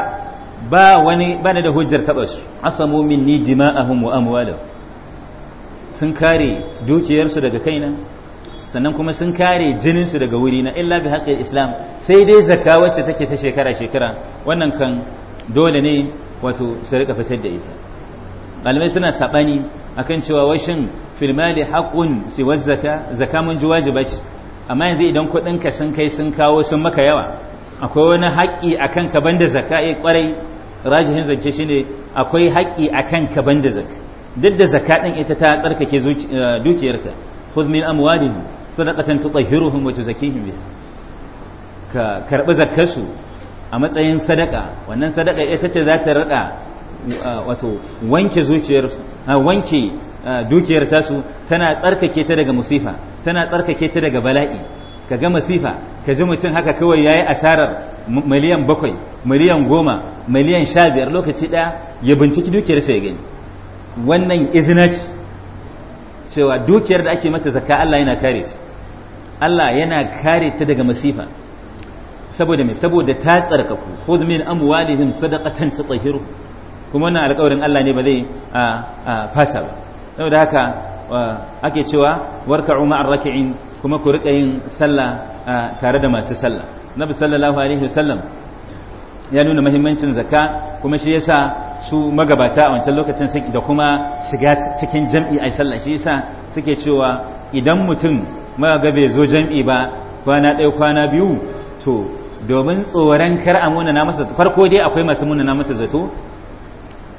ba wani bana da hujjar taba su asamu minni dima'ahum wa amwalahum sun kare dukiyarsu daga kaina sannan kuma sun kare jininsu daga wurina illa bi haƙƙin islam sai dai zakka wacce take ta shekara shekara wannan kan dole ne wato su rika fitar da ita malamai suna saɓani akan cewa washin filmali haƙun si wazzaka zaka mun ji wajiba ce amma yanzu idan kuɗinka ka sun kai sun kawo sun maka yawa akwai wani haƙƙi kan ka banda zaka eh kwarai rajihin zance ne. akwai haƙƙi akan ka banda zaka duk da zaka ɗin ita ta tsarkake eh, dukiyarka khudh min amwalihim sadaqatan tutahhiruhum wa tuzakkihim biha ka karɓi zakkarsu a matsayin sadaka wannan sadaka ita ce za ta rada uh, wato wanke zuciyar uh, wanke uh, dukiyar tasu tana tsarkake ta daga musifa tana tsarkake ta daga bala'i ka ga masifa ka ji mutum haka kawai ya yi asarar miliyan bakwai miliyan goma miliyan sha biyar lokaci ɗaya ya binciki dukiyarsa ya gani wannan izina cewa dukiyar da ake mata zakka Allah yana kare ta Allah yana kare ta daga masifa saboda me saboda ta tsarkaku ko min amwalihim sadaqatan tutahhiru kuma wannan alƙawarin Allah ne ba zai fasa ba saboda haka ake cewa warka'u ma'ar raki'in kuma ku riƙa yin sallah tare da masu sallah nabi sallallahu alaihi wasallam ya nuna mahimmancin zakka kuma shi yasa su magabata a wancan lokacin da kuma shiga cikin jam'i ai sallah shi yasa suke cewa idan mutum magabe bai zo jam'i ba kwana ɗaya kwana biyu to domin tsoron kar a munana masa farko dai akwai masu munana masa zato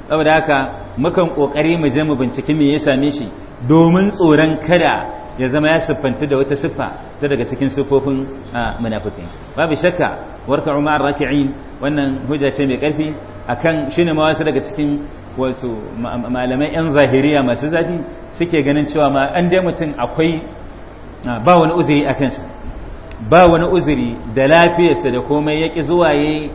saboda haka mukan kokari mu je mu binciki me ya same shi domin tsoron kada ya zama ya siffanta da wata siffa ta daga cikin siffofin munafikai babu shakka warka umar raki'in wannan hujja ce mai karfi akan shine ma wasu daga cikin wato malamai yan zahiriya masu zafi suke ganin cewa ma an dai mutum akwai ba wani uzuri akan shi ba wani uzuri da lafiyarsa da komai ya ƙi zuwa ya yi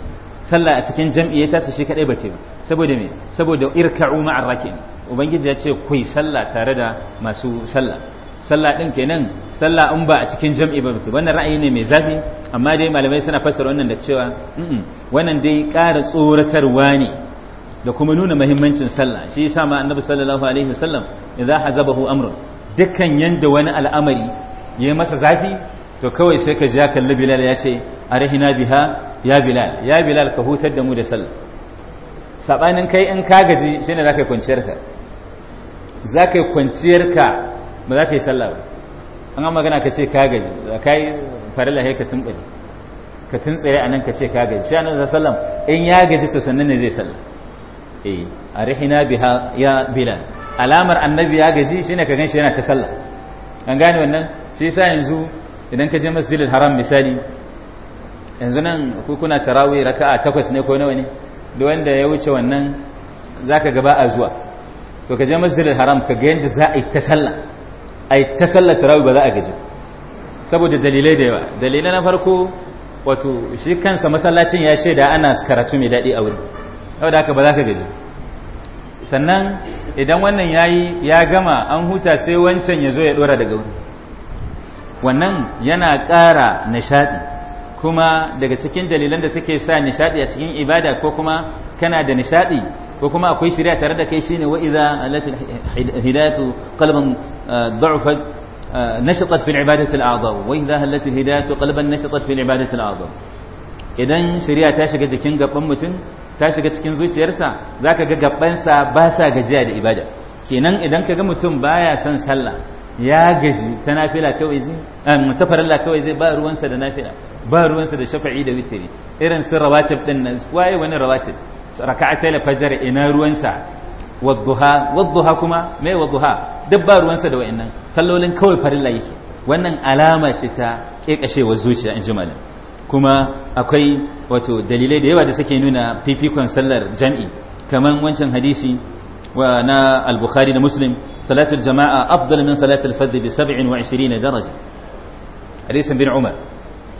sallah a cikin jam'i ya shi kaɗai ba ce saboda me saboda irka'u ma'ar rakin ubangiji ya ce kuyi sallah tare da masu sallah sallah ɗin kenan sallah in ba a cikin jam'i ba mutu wannan ra'ayi ne mai zafi amma dai malamai suna fassara wannan da cewa wannan dai ƙara tsoratarwa ne da kuma nuna muhimmancin sallah shi yasa ma annabi sallallahu alaihi wasallam idza hazabahu amrun dukkan yanda wani al'amari ya yi masa zafi to kawai sai ka ja kalli bilal ya ce a rahina biha ya bilal ya bilal ka hutar da mu da sallah sabanin kai in ka gaji shi ne kwanciyar ka kwanciyarka kwanciyar ka ba za ka yi sallah ba an ga magana ka ce ka gaji kai farilla sai ka tumbali ka a nan ka ce ka gaji shi annabi sallam in ya gaji to sannan ne zai sallah eh rahina biha ya bilal alamar annabi ya gaji shine ka ganshi yana ta sallah an gane wannan shi yasa yanzu idan ka je masjidil haram misali yanzu nan ku kuna tarawih raka'a takwas ne ko nawa ne da wanda ya wuce wannan zaka gaba a zuwa to ka je masjidil haram ka ga yanda za a yi ta sallah a yi ta sallah tarawih ba za a gaji saboda dalilai da yawa dalilai na farko wato shi kansa masallacin ya shaida ana karatu mai daɗi a wurin yau da haka ba za ka gaji sannan idan wannan ya yi ya gama an huta sai wancan ya zo ya ɗora daga wuri wannan yana ƙara nishaɗi kuma daga cikin dalilan da suke sa nishaɗi a cikin ibada ko kuma kana da nishaɗi ko kuma akwai shirya tare da kai shine wa idza allati hidayatu qalban uh, da'ufat uh, nashatat fi ibadati al-a'dha wa idza allati hidayatu qalban nashatat fi ibadati al-a'dha idan shirya ta shiga jikin gaban mutum ta shiga cikin zuciyarsa zaka ga gabansa ba sa gajiya da ibada kenan idan ka ga mutum baya son sallah ya gaji ta nafila kawai zai ta farilla kawai zai ba ruwansa da nafila ba ruwansa da shafa'i da witiri irin sun rawatib din nan waye wani rawatib raka'atai la fajr ina ruwansa wadduha wadduha kuma me wadduha duk ba ruwansa da wayannan sallolin kawai farilla yake wannan alama ce ta kekashewa zuciya in jimalin kuma akwai wato dalilai da yawa da suke nuna fifikon sallar jami'i kaman wancan hadisi wa na al-bukhari da muslim salatul jama'a afdal min salatul 27 daraja hadisin bin umar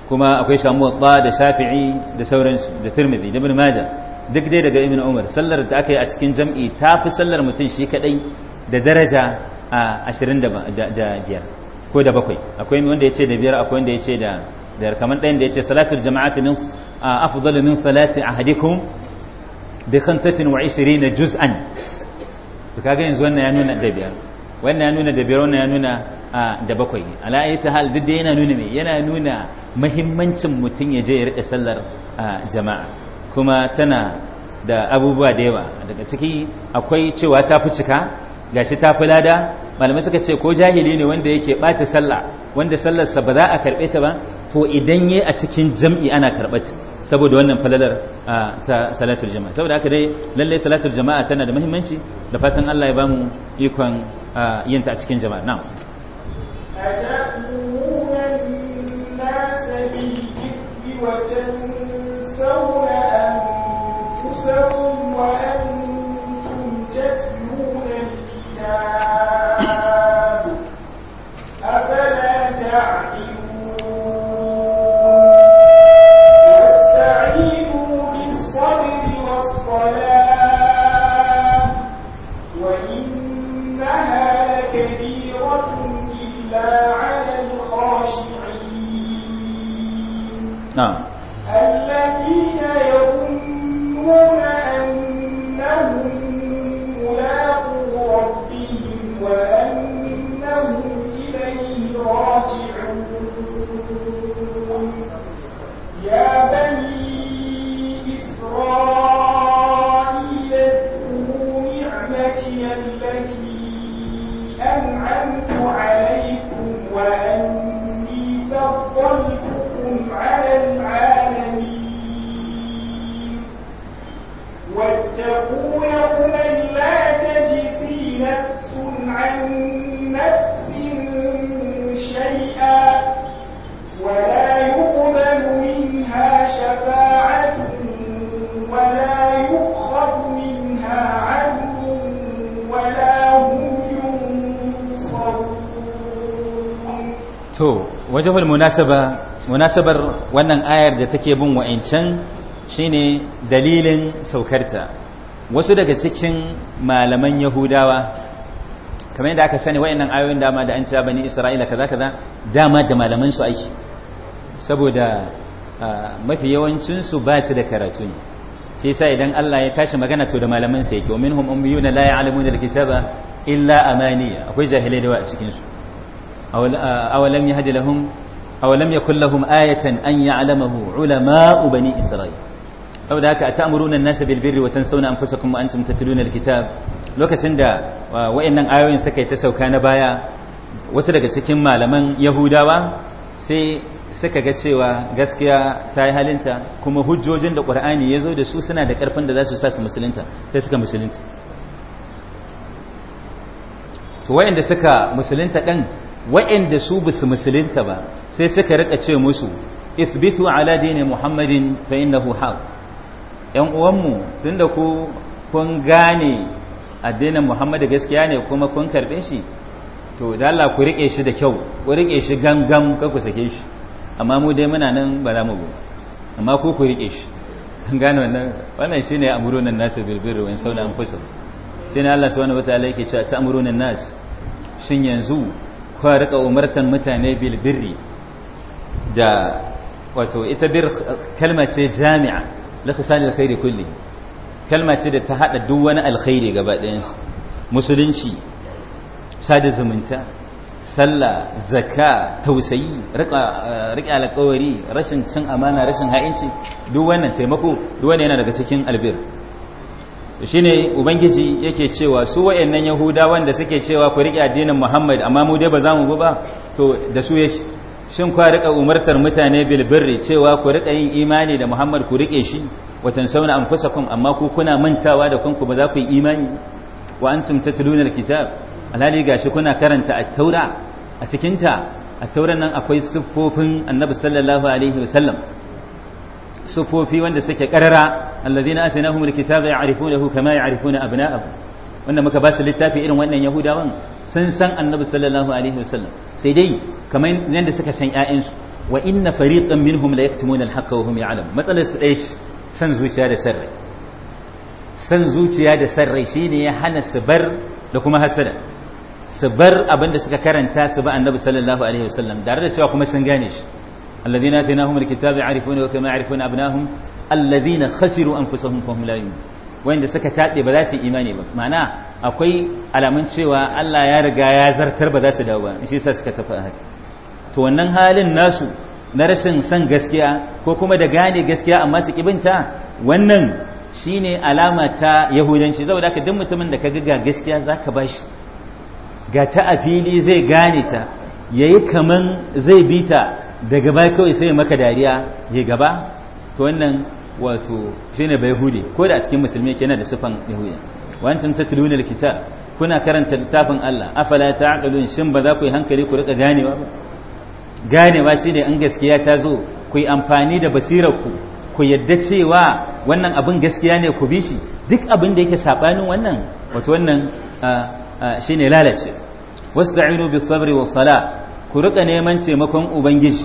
kuma akwai shamu da da shafi'i da sauransu da tirmidhi da ibn majah duk daga ibn umar sallar da aka yi a cikin jam'i ta fi sallar mutum shi kadai da daraja a 25 ko da bakwai akwai wanda ya ce da biyar akwai wanda ya ce da da kamar ɗayan da ya ce salatul min 25 juz'an to kaga yanzu wannan ya nuna da biyar wannan ya nuna da biyar wannan ya nuna da bakwai ala ta hal duk yana nuna me yana nuna muhimmancin mutum ya je ya rike sallar jama'a kuma tana da abubuwa da yawa daga ciki akwai cewa ta fi cika gashi ta fi lada malamai suka ce ko jahili ne wanda yake bata sallah wanda sallarsa ba za a karɓe ta ba to idan yi a cikin jam'i ana karɓar ta saboda wannan falalar ta salatul jama'a saboda haka dai lalle salatul jama'a tana da muhimmanci da fatan Allah ya bamu ikon yin ta a cikin jama'a na'am ajabu munasaba munasabar wannan ayar da take bin wa'ancan shine dalilin saukarta wasu daga cikin malaman yahudawa kamar yadda aka sani wa'annan ayoyin dama da an ci bani isra'ila kaza kaza dama da malaman su aiki saboda mafi yawancin su ba su da karatu ne sai sai idan Allah ya tashi magana to da malaman sa yake wa minhum ummiyun la ya'lamuna al-kitaba illa amaniya akwai jahilai da wa a cikin su awalam yahdi lahum awalam yakul lahum ayatan an ya'lamahu ulama'u bani isra'il saboda haka ta'muruna an-nasa bil birri wa tansawna anfusakum wa antum tatluna al-kitab lokacin da wayannan ayoyin suka yi ta sauka na baya wasu daga cikin malaman yahudawa sai suka ga cewa gaskiya ta yi halinta kuma hujjojin da ƙur'ani ya zo da su suna da ƙarfin da za su sa su musulunta sai suka musulunta to wayanda suka musulunta ɗan wa'anda su bisu musulunta ba sai suka rika ce musu isbitu ala dini muhammadin fa innahu haq yan uwanmu tunda ku kun gane addinin muhammad gaskiya ne kuma kun karbe shi to da Allah ku rike shi da kyau ku rike shi gangam ka ku sake shi amma mu dai muna nan ba za mu ba amma ku ku rike shi an gane wannan wannan shine amrunun nasu bil in sauna an fusa sai Allah subhanahu wataala yake cewa ta'muruna nas shin yanzu Kuwa rika umartan mutane bil birri da wato ita bir kalma ce jami'a la khisal alkhairi kulli kalma ce da ta hada duk wani alkhairi gaba ɗayan musulunci sada zumunta sallah zakka tausayi eh, riƙe alƙawari rashin cin amana rashin ha'inci duk wannan taimako duk wannan yana daga cikin albir shine ubangiji yake cewa su wayannan yahuda wanda suke cewa ku rike addinin muhammad amma mu dai ba za mu bi ba to da su yake shin kwa rika umartar mutane bil cewa ku rika yin imani da muhammad ku rike shi an fasa anfusakum amma ku kuna mantawa da kanku ba za ku yi imani wa antum tatluna alkitab alhali gashi kuna karanta at-taura a cikin ta at nan akwai siffofin annabi sallallahu alaihi wasallam sufofi wanda suke karara allazina atanahum alkitaba ya'rifunahu kama ya'rifuna abna'ahum wanda muka ba su littafi irin wannan yahudawan sun san annabi sallallahu alaihi wasallam sai dai kamar yadda suka san ƴaƴansu wa inna fariqan minhum la yaktumuna alhaqqa wa hum matsalar su san zuciya da sarrai san zuciya da sarrai shine ya hana su bar da kuma hasada su bar abin da suka karanta su ba annabi sallallahu alaihi wasallam tare da cewa kuma sun gane shi الذين آتيناهم الكتاب يعرفونه كما يعرفون أبناهم الذين خسروا أنفسهم فهم لا يؤمنون wanda suka taɗe ba za su imani ba ma'ana akwai alamun cewa Allah ya riga ya zartar ba za su dawo ba shi yasa suka tafi a wannan halin nasu na rashin san gaskiya ko kuma da gane gaskiya amma su kibinta wannan shine alama ta yahudanci saboda ka duk mutumin da ka ga gaskiya zaka bashi ga ta a fili zai gane ta yayi kaman zai bi ta daga bai kawai sai maka dariya ya gaba to wannan wato shi ne bai hude ko da a cikin musulmi yake yana da sufan yahuda wancan ta tatluna likita kuna karanta littafin Allah afala ta ta'qilun shin ba za ku yi hankali ku rika ganewa ba ganewa ne an gaskiya ta zo ku yi amfani da basirar ku ku yadda cewa wannan abin gaskiya ne ku bi shi duk abin da yake sabanin wannan wato wannan ah, ah, shine lalace wasta'inu bis sabri was sala ku riƙa neman taimakon ubangiji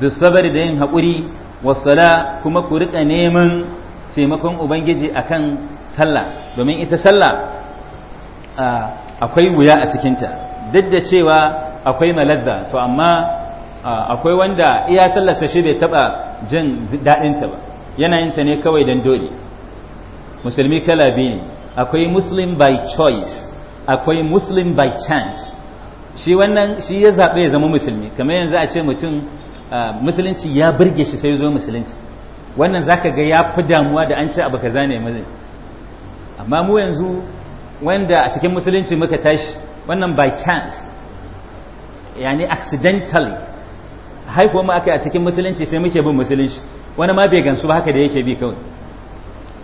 bisabari da yin haƙuri wasala kuma ku rika neman taimakon ubangiji akan sallah domin ita sallah akwai wuya a cikinta duk da cewa akwai malazza to amma akwai wanda iya sallarsa shi bai taba jin daɗinta ba yana yinta ne kawai don dole musulmi kala biyu ne akwai muslim by choice akwai muslim by chance shi wannan shi ya zaɓe ya zama musulmi kamar yanzu a ce mutum musulunci ya birge shi sai zo musulunci wannan ka ga ya fi damuwa da an ce abu ka zane mazin amma mu yanzu wanda a cikin musulunci muka tashi wannan by chance yani accidentally haihuwa mu aka a cikin musulunci sai muke bin musulunci wani ma bai gansu ba haka da yake bi kawai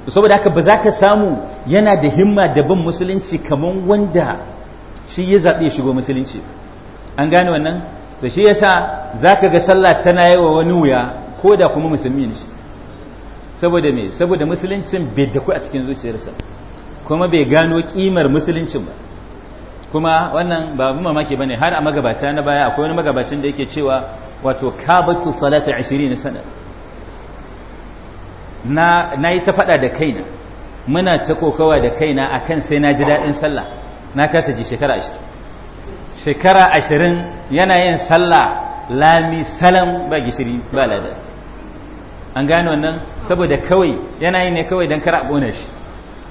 saboda haka ba za ka samu yana da himma da bin musulunci kamar wanda shi ya zaɓe shigo musulunci an gane wannan to shi yasa zaka ga sallah tana yi wa wani wuya ko da kuma musulmi ne shi saboda me saboda musuluncin bai daku a cikin zuciyarsa kuma bai gano kimar musuluncin ba kuma wannan ba mamaki bane har a magabata na baya akwai wani magabacin da yake cewa wato kabatu salata 20 sana na na yi ta fada da kaina muna ta kokawa da kaina akan sai na ji daɗin sallah na kasa ji shekara ashirin shekara ashirin yana yin sallah lami salam ba gishiri ba lada an gano wannan saboda kawai yana ne kawai don kara a shi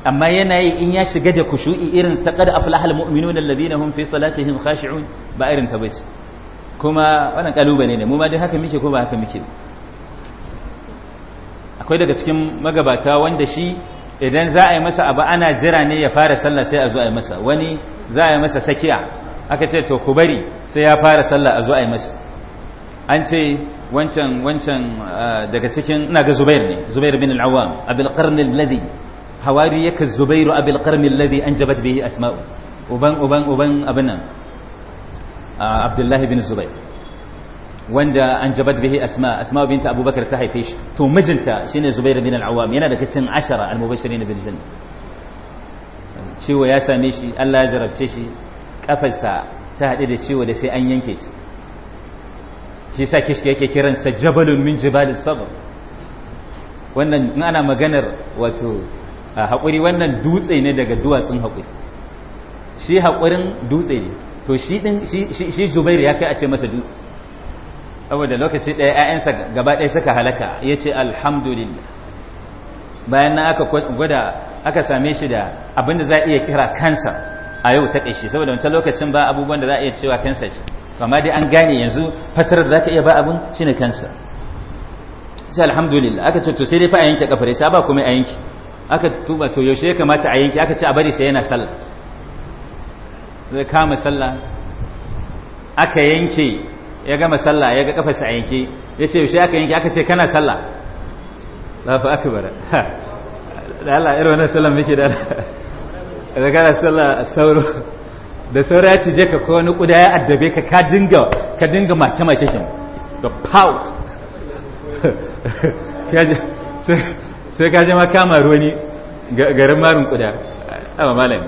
amma yana in ya shiga da kushu'i irin ta kada aflahal mu'minuna alladhina hum fi salatihim khashi'un ba irin ta bace kuma wannan kalubale ne mu ma dai haka muke ko ba haka muke akwai daga cikin magabata wanda shi idan za a yi masa abu ana jira ne ya fara sallah sai a zo a yi masa wani za a yi masa sakiya aka ce to ku bari sai ya fara sallah a zo a yi masa an ce wancan wancan ah, daga cikin ina ga zubair ne zubair bin al-awwam abul qarn alladhi hawari yaka zubairu abul qarn alladhi anjabat bihi asma'u uban uban uban abinan ah, abdullahi bin zubair wanda an jabat bihi asma asma binta abubakar ta haife shi to mijinta shine zubair bin al-awwam yana daga cikin ashara al-mubashirin bil janna ciwo ya same shi Allah ya jarabce shi kafarsa ta hade da ciwo da sai an yanke ta shi sa kishi yake kiransa jabalun min jibalis sabr wannan in ana maganar wato haƙuri wannan dutse ne daga duwatsun haƙuri shi haƙurin dutse ne to shi din shi Zubair ya kai a ce masa dutse saboda lokaci ɗaya 'ya'yansa gaba ɗaya suka halaka ya ce alhamdulillah bayan na aka gwada aka same shi da abinda za a iya kira kansa a yau ta ƙashi saboda wancan lokacin ba abubuwan da za a iya cewa kansa ce amma dai an gane yanzu fasarar da za ka iya ba abin shi ne kansa sai alhamdulillah aka ce to sai dai fa a yanke kafar ya ba kuma a yanke aka tuba to yaushe ya kamata a yanke aka ce a bari sai yana sallah zai kama sallah aka yanke ya gama sallah ya ga kafarsa a yanke ya ce yaushe aka yanke aka ce kana sallah lafa akbar da Allah irin wannan sallah muke da da kana sallah sauro da sauro ya je ka ko wani kuda ya addabe ka ka dinga ka dinga mace mace kin da pau sai ka je ma kama ruwani garin marin kuda amma malami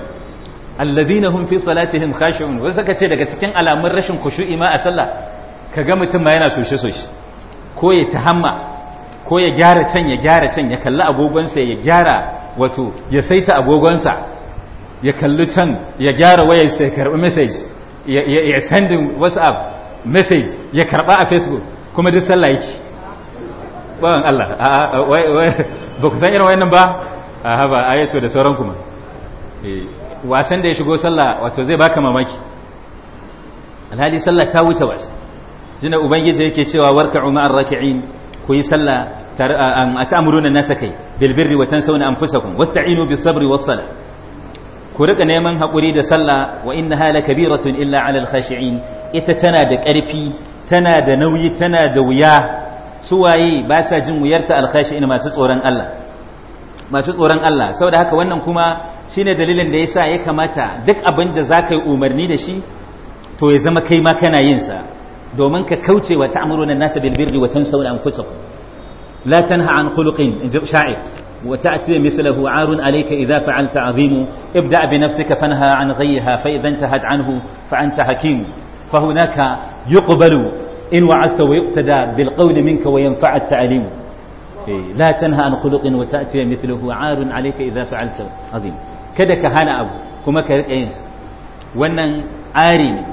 alladhina hum fi salatihim khashi'un wasu ka ce daga cikin alamun rashin khushu'i ma a sallah ka ga mutum ma yana soshe-soshe ko ya tahamma ko ya gyara can ya gyara can ya kalli agogonsa ya gyara wato ya saita agogonsa ya kalli can ya gyara wayarsa ya karbi message ya sendin whatsapp message ya karba a facebook kuma duk sallah yake bawan Allah ba ku san irin wayannan ba a haba ayato da sauran kuma eh, wasan da ya shigo sallah wato zai baka mamaki alhali sallah ta wuce wasu jina ubangiji yake cewa warka ma'ar raki'in ku yi sallah ta'muruna nasa kai bil birri wa tansawna anfusakum wasta'inu bis sabri was sala ku rika neman hakuri da sallah wa hala kabiratun illa 'alal khashi'in ita tana da ƙarfi tana da nauyi tana da wuya waye ba sa jin wuyarta alkhashi'in masu tsoron Allah masu tsoron Allah saboda haka wannan kuma shine dalilin da yasa ya kamata duk abin da zaka yi umarni da shi to ya zama kai ma kana yin sa domin ka kauce wa ta'muruna an-nasa bil birri wa tansawna anfusakum la tanha an khuluqin in ji sha'ir wa ta'ti mithluhu 'arun alayka idha fa'alta 'azimu ibda' bi nafsika fanha 'an ghayha fa idha intahat 'anhu fa anta hakim fa hunaka yuqbalu in wa'azta wa yuqtada bil qawli minka wa yanfa'u at-ta'lim لا تنهى عن خلق وتأتي مثله عار عليك إذا فعلت عظيم kada ka hana abu kuma ka riƙa yinsa wannan ari ne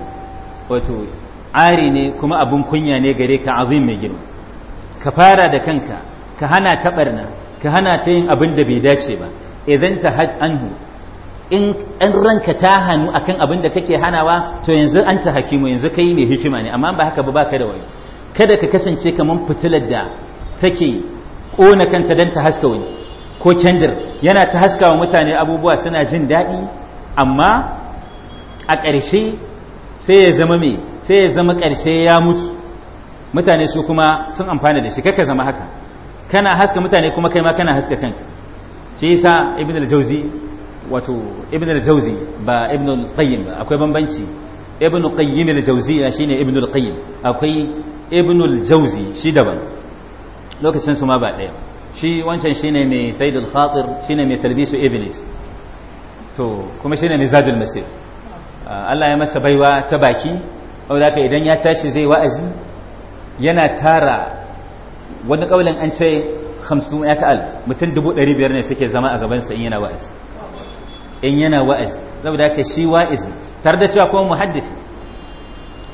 wato ari ne kuma abin kunya ne gare ka azim mai girma ka fara da kanka ka hana ta ka hana ta yin abin da bai dace ba idan ta haj anhu in an ranka ta hannu akan abin da kake hanawa to yanzu an ta hakimu yanzu kai ne hikima ne amma ba haka ba baka da wani kada ka kasance kaman fitilar da take kona kanta dan ta haska wani ko kendir yana ta haska wa mutane abubuwa suna jin daɗi amma a ƙarshe sai ya zama me sai ya zama ƙarshe ya mutu mutane su kuma sun amfana da shi kaka zama haka kana haska mutane kuma kai ma kana haska kanka shi yasa ibn al-jawzi wato ibn al-jawzi ba ibn al-qayyim ba akwai bambanci ibn qayyim al-jawzi shine ibn al-qayyim akwai ibn al-jawzi shi daban lokacin su ma ba ɗaya shi wancan shine mai sayyid al-khatir shine mai talbisu iblis to kuma shine mai zadul masir Ah, Allah ya masa baiwa ta baki wanda ka idan ya tashi zai wa'azi yana tara wani ƙaunin an ce 50 ya ta'al mutum 500 ne suke zama a gabansa in yana wa'azi in yana wa'azi saboda ka shi wa'azi tare da cewa kuma muhaddis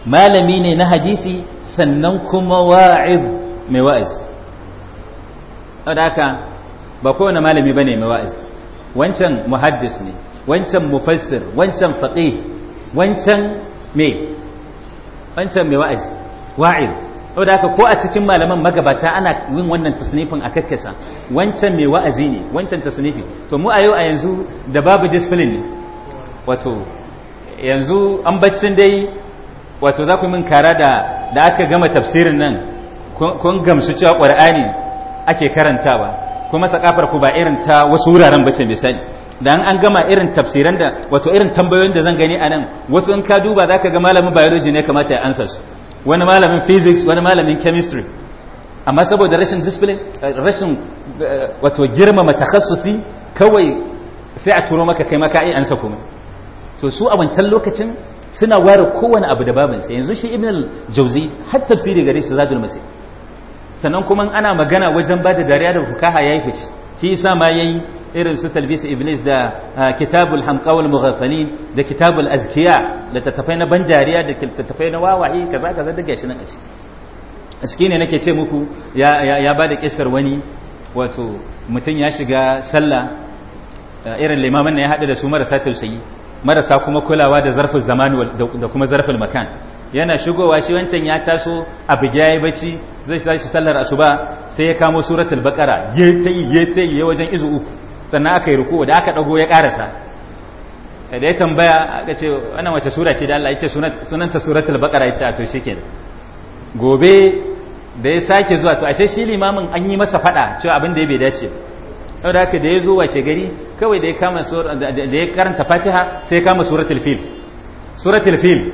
malami ne na hadisi sannan kuma wa'iz mai wa'azi saboda haka ba kowane malami ba ne mai wa'azi wancan muhaddis ne wancan mufassir wancan faqih wancan me wancan me wa'azi wa'il saboda haka ko a cikin malaman magabata ana yin wannan tasnifin a kakkasa wancan me wa'azi ne wancan tasnifi to mu a yau a yanzu da babu discipline wato yanzu an baccin dai wato za ku min kara da da aka gama tafsirin nan kun gamsu cewa ƙwar'ani ake karantawa kuma sakafar ku ba irin ta wasu wuraren bace misali dan an gama irin tafsiran da wato irin tambayoyin da zan gani a nan wasu in ka duba za ka ga malamin biology ne kamata ya ansa su wani malamin physics wani malamin chemistry amma saboda rashin discipline rashin eh, wato girmama takhassusi kawai sai a turo maka kai maka ai ansa kuma to su a wancan lokacin suna ware kowane abu da babansa yanzu shi ibn al-jawzi har tafsiri gare shi zadul masih sannan kuma ana magana wajen bada dariya da fukaha yayi fice shi yasa ma yayi irin su talbis iblis da ah, kitabul hamqawul mughafalin da kitabul azkiya tattafai na ban dariya da tattafai na wawaye kaza kaza da gashi nan a ciki a ciki ne nake ce muku ya ya bada kisar wani wato mutum ya shiga sallah ah, irin limaman ne ya haɗu da su marasa tausayi marasa kuma kulawa da zarfin zamani da kuma zarfin makan yana shigowa shi wancan ya taso abu ya yi bacci zai shi sallar asuba sai ya kamo suratul baqara yayi tayi yayi wajen izu uku sannan aka yi ruku da aka ɗago ya ƙarasa da ya tambaya aka ce wannan wace sura ce da Allah yace sunanta suratul baqara yace a to da gobe da ya sake zuwa to ashe shi limamin an yi masa fada cewa abin da ya bai dace yau da haka da ya zo washe gari kawai da ya kama da ya karanta fatiha sai ya kama suratul fil suratul fil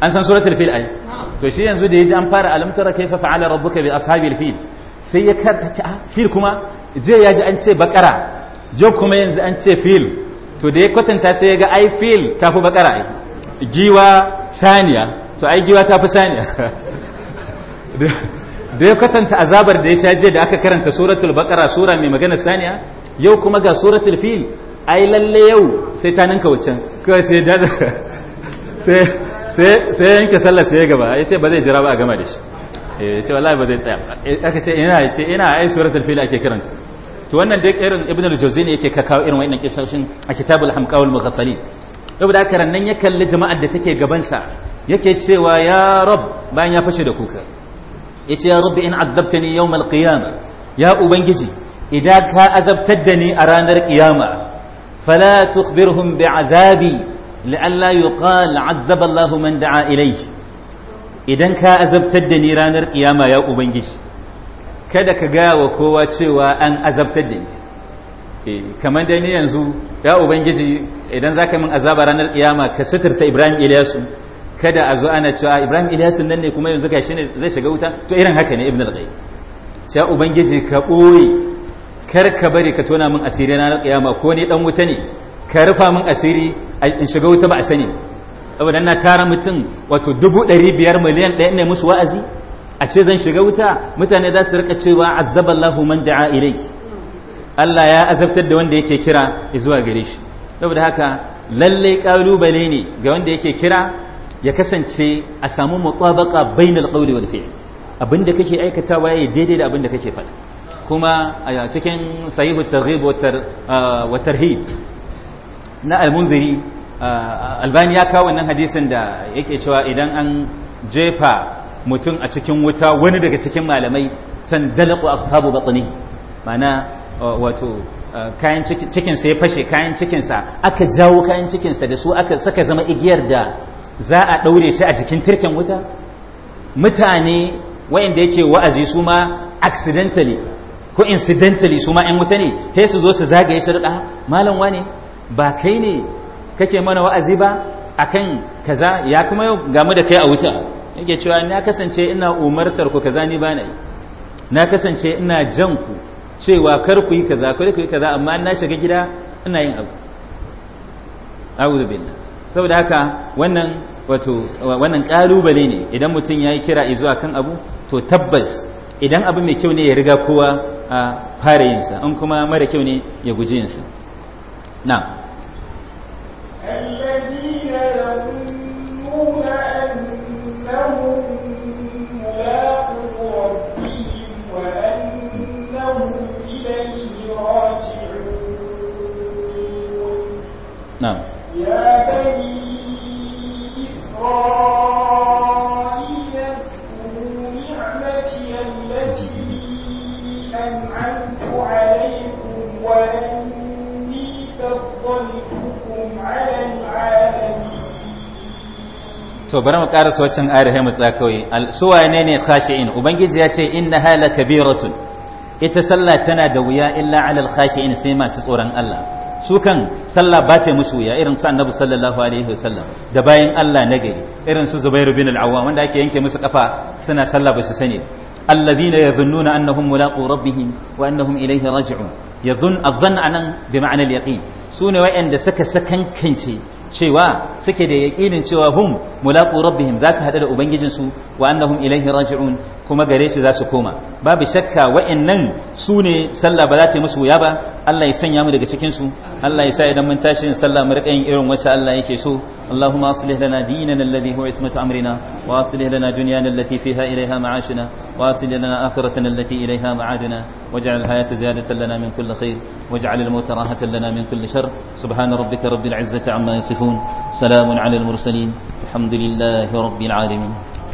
an san suratul fil ai to shi yanzu da ya ji an fara alam tara kaifa fa'ala rabbuka bi ashabil fil sai ya karanta fil kuma je ya ji an ce bakara jo kuma yanzu an ce fil to da ya kwatanta sai ya ga ai fil ta fi bakara ai giwa saniya to ai giwa ta fi saniya (laughs) da ya kwatanta azabar da ya sha jiya da aka karanta suratul bakara sura mai magana saniya yau kuma ga suratul fil ai lalle yau sai ta ninka wucin kawai sai da (laughs) sai yanke sallar sai ya gaba ya ce ba zai jira ba a gama da shi eh, ya ce wallahi ba zai tsaya eh, aka ce ina ya ce ina ai suratul fil ake karanta to wannan duk irin ibn al-jawzi ne yake kawo irin wannan kisashin a kitabul hamqaul mughaffalin saboda haka nan ya kalli jama'ar da take gaban sa yake cewa ya rab bayan ya fashe da kuka yace ya rabbi in azabtani yawm al-qiyamah ya ubangiji idan ka azabtar da ni a ranar kiyama fala tukhbirhum bi'azabi la'alla yuqal azaba Allah man da'a ilayhi idan ka azabtar da ni ranar kiyama ya ubangiji kada ka gaya wa kowa cewa an azabtar da ni eh, kamar da ni yanzu ya ubangiji idan za ka min azaba ranar kiyama ka suturta ibrahim ilyasu kada a zo ana cewa ah, ibrahim ilyasu nan ne kuma yanzu gashi ne zai shiga wuta to irin haka ne ibn al-ghaib sai ubangiji ka boye kar ka bari ka tona min asiri ranar kiyama ko ni dan wuta ne ka rufa min asiri in shiga wuta ba a sani saboda na tara mutum wato dubu ɗari biyar miliyan ɗaya ne musu wa'azi a ce zan shiga wuta mutane za su rika cewa azzaballahu man da'a ilai Allah ya azabtar da wanda yake kira zuwa gare shi saboda haka lallai kalubale ne ga wanda yake kira ya kasance a samu mutabaqa bainal qawli wal fi'l abinda kake aikatawa yayi daidai da abinda kake faɗa kuma a cikin sahihu targhib wa tarhib na al-munziri albani ya kawo wannan hadisin da yake cewa idan an jefa mutum a cikin wuta wani daga cikin malamai tan dalaku aftabu batni mana uh, wato uh, kayan cikin ya fashe kayan cikinsa aka jawo kayan cikinsa da su aka saka zama igiyar da za a daure shi a jikin tirken wuta mutane wayanda yake wa'azi su ma accidentally ko incidentally su ma 'yan wuta ne sai su zo su zagaye su rika malam wane ba kai ne kake mana wa'azi ba akan kaza ya kuma yau gamu da kai a wuta yake cewa na kasance ina umartar ku kaza ni ba na yi na kasance ina jan ku cewa kar ku yi kaza kar ku yi kaza amma na shiga gida ina yin abu a'udhu billah saboda haka wannan wato wannan kalubale ne idan mutum yayi kira zuwa kan abu to tabbas idan abu mai kyau ne ya riga kowa a fara yinsa an kuma mara kyau ne ya guji yinsa na'am to bari mu karasa wacin ayar mu tsakawai suwa ne ne khashi'in ubangiji ya ce inna hala kabiratun ita sallah tana da wuya illa alal khashi'in sai masu tsoron Allah su kan sallah ba ta musu wuya irin su annabi sallallahu alaihi wasallam da bayan Allah na gari irin su zubairu bin al-awwam wanda ake yanke musu kafa suna sallah ba su sani الذين يظنون أنهم ملاقو ربهم وأنهم إليه راجعون يظن الظن anan bi اليقين su ne wa'anda suka sakan cewa suke da yaƙinin cewa hum mulaqu rabbihim za su haɗu da ubangijinsu wa annahum ilaihi raji'un kuma gare shi za su koma babu shakka wa'annan su ne sallah ba za ta musu wuya ba Allah ya sanya mu daga cikin su Allah ya sa idan mun tashi sallah mu rika yin irin wacce Allah yake so Allahumma aslih lana dinana alladhi huwa ismatu amrina wa aslih lana dunyana allati fiha ilayha ma'ashuna wa aslih lana akhiratana allati ilayha ma'aduna waj'al hayata ziyadatan lana min kulli khair waj'al al-mauta rahatan lana min kulli shar subhana rabbika rabbil izzati amma yasifun salamun ala al-mursalin alhamdulillahi rabbil alamin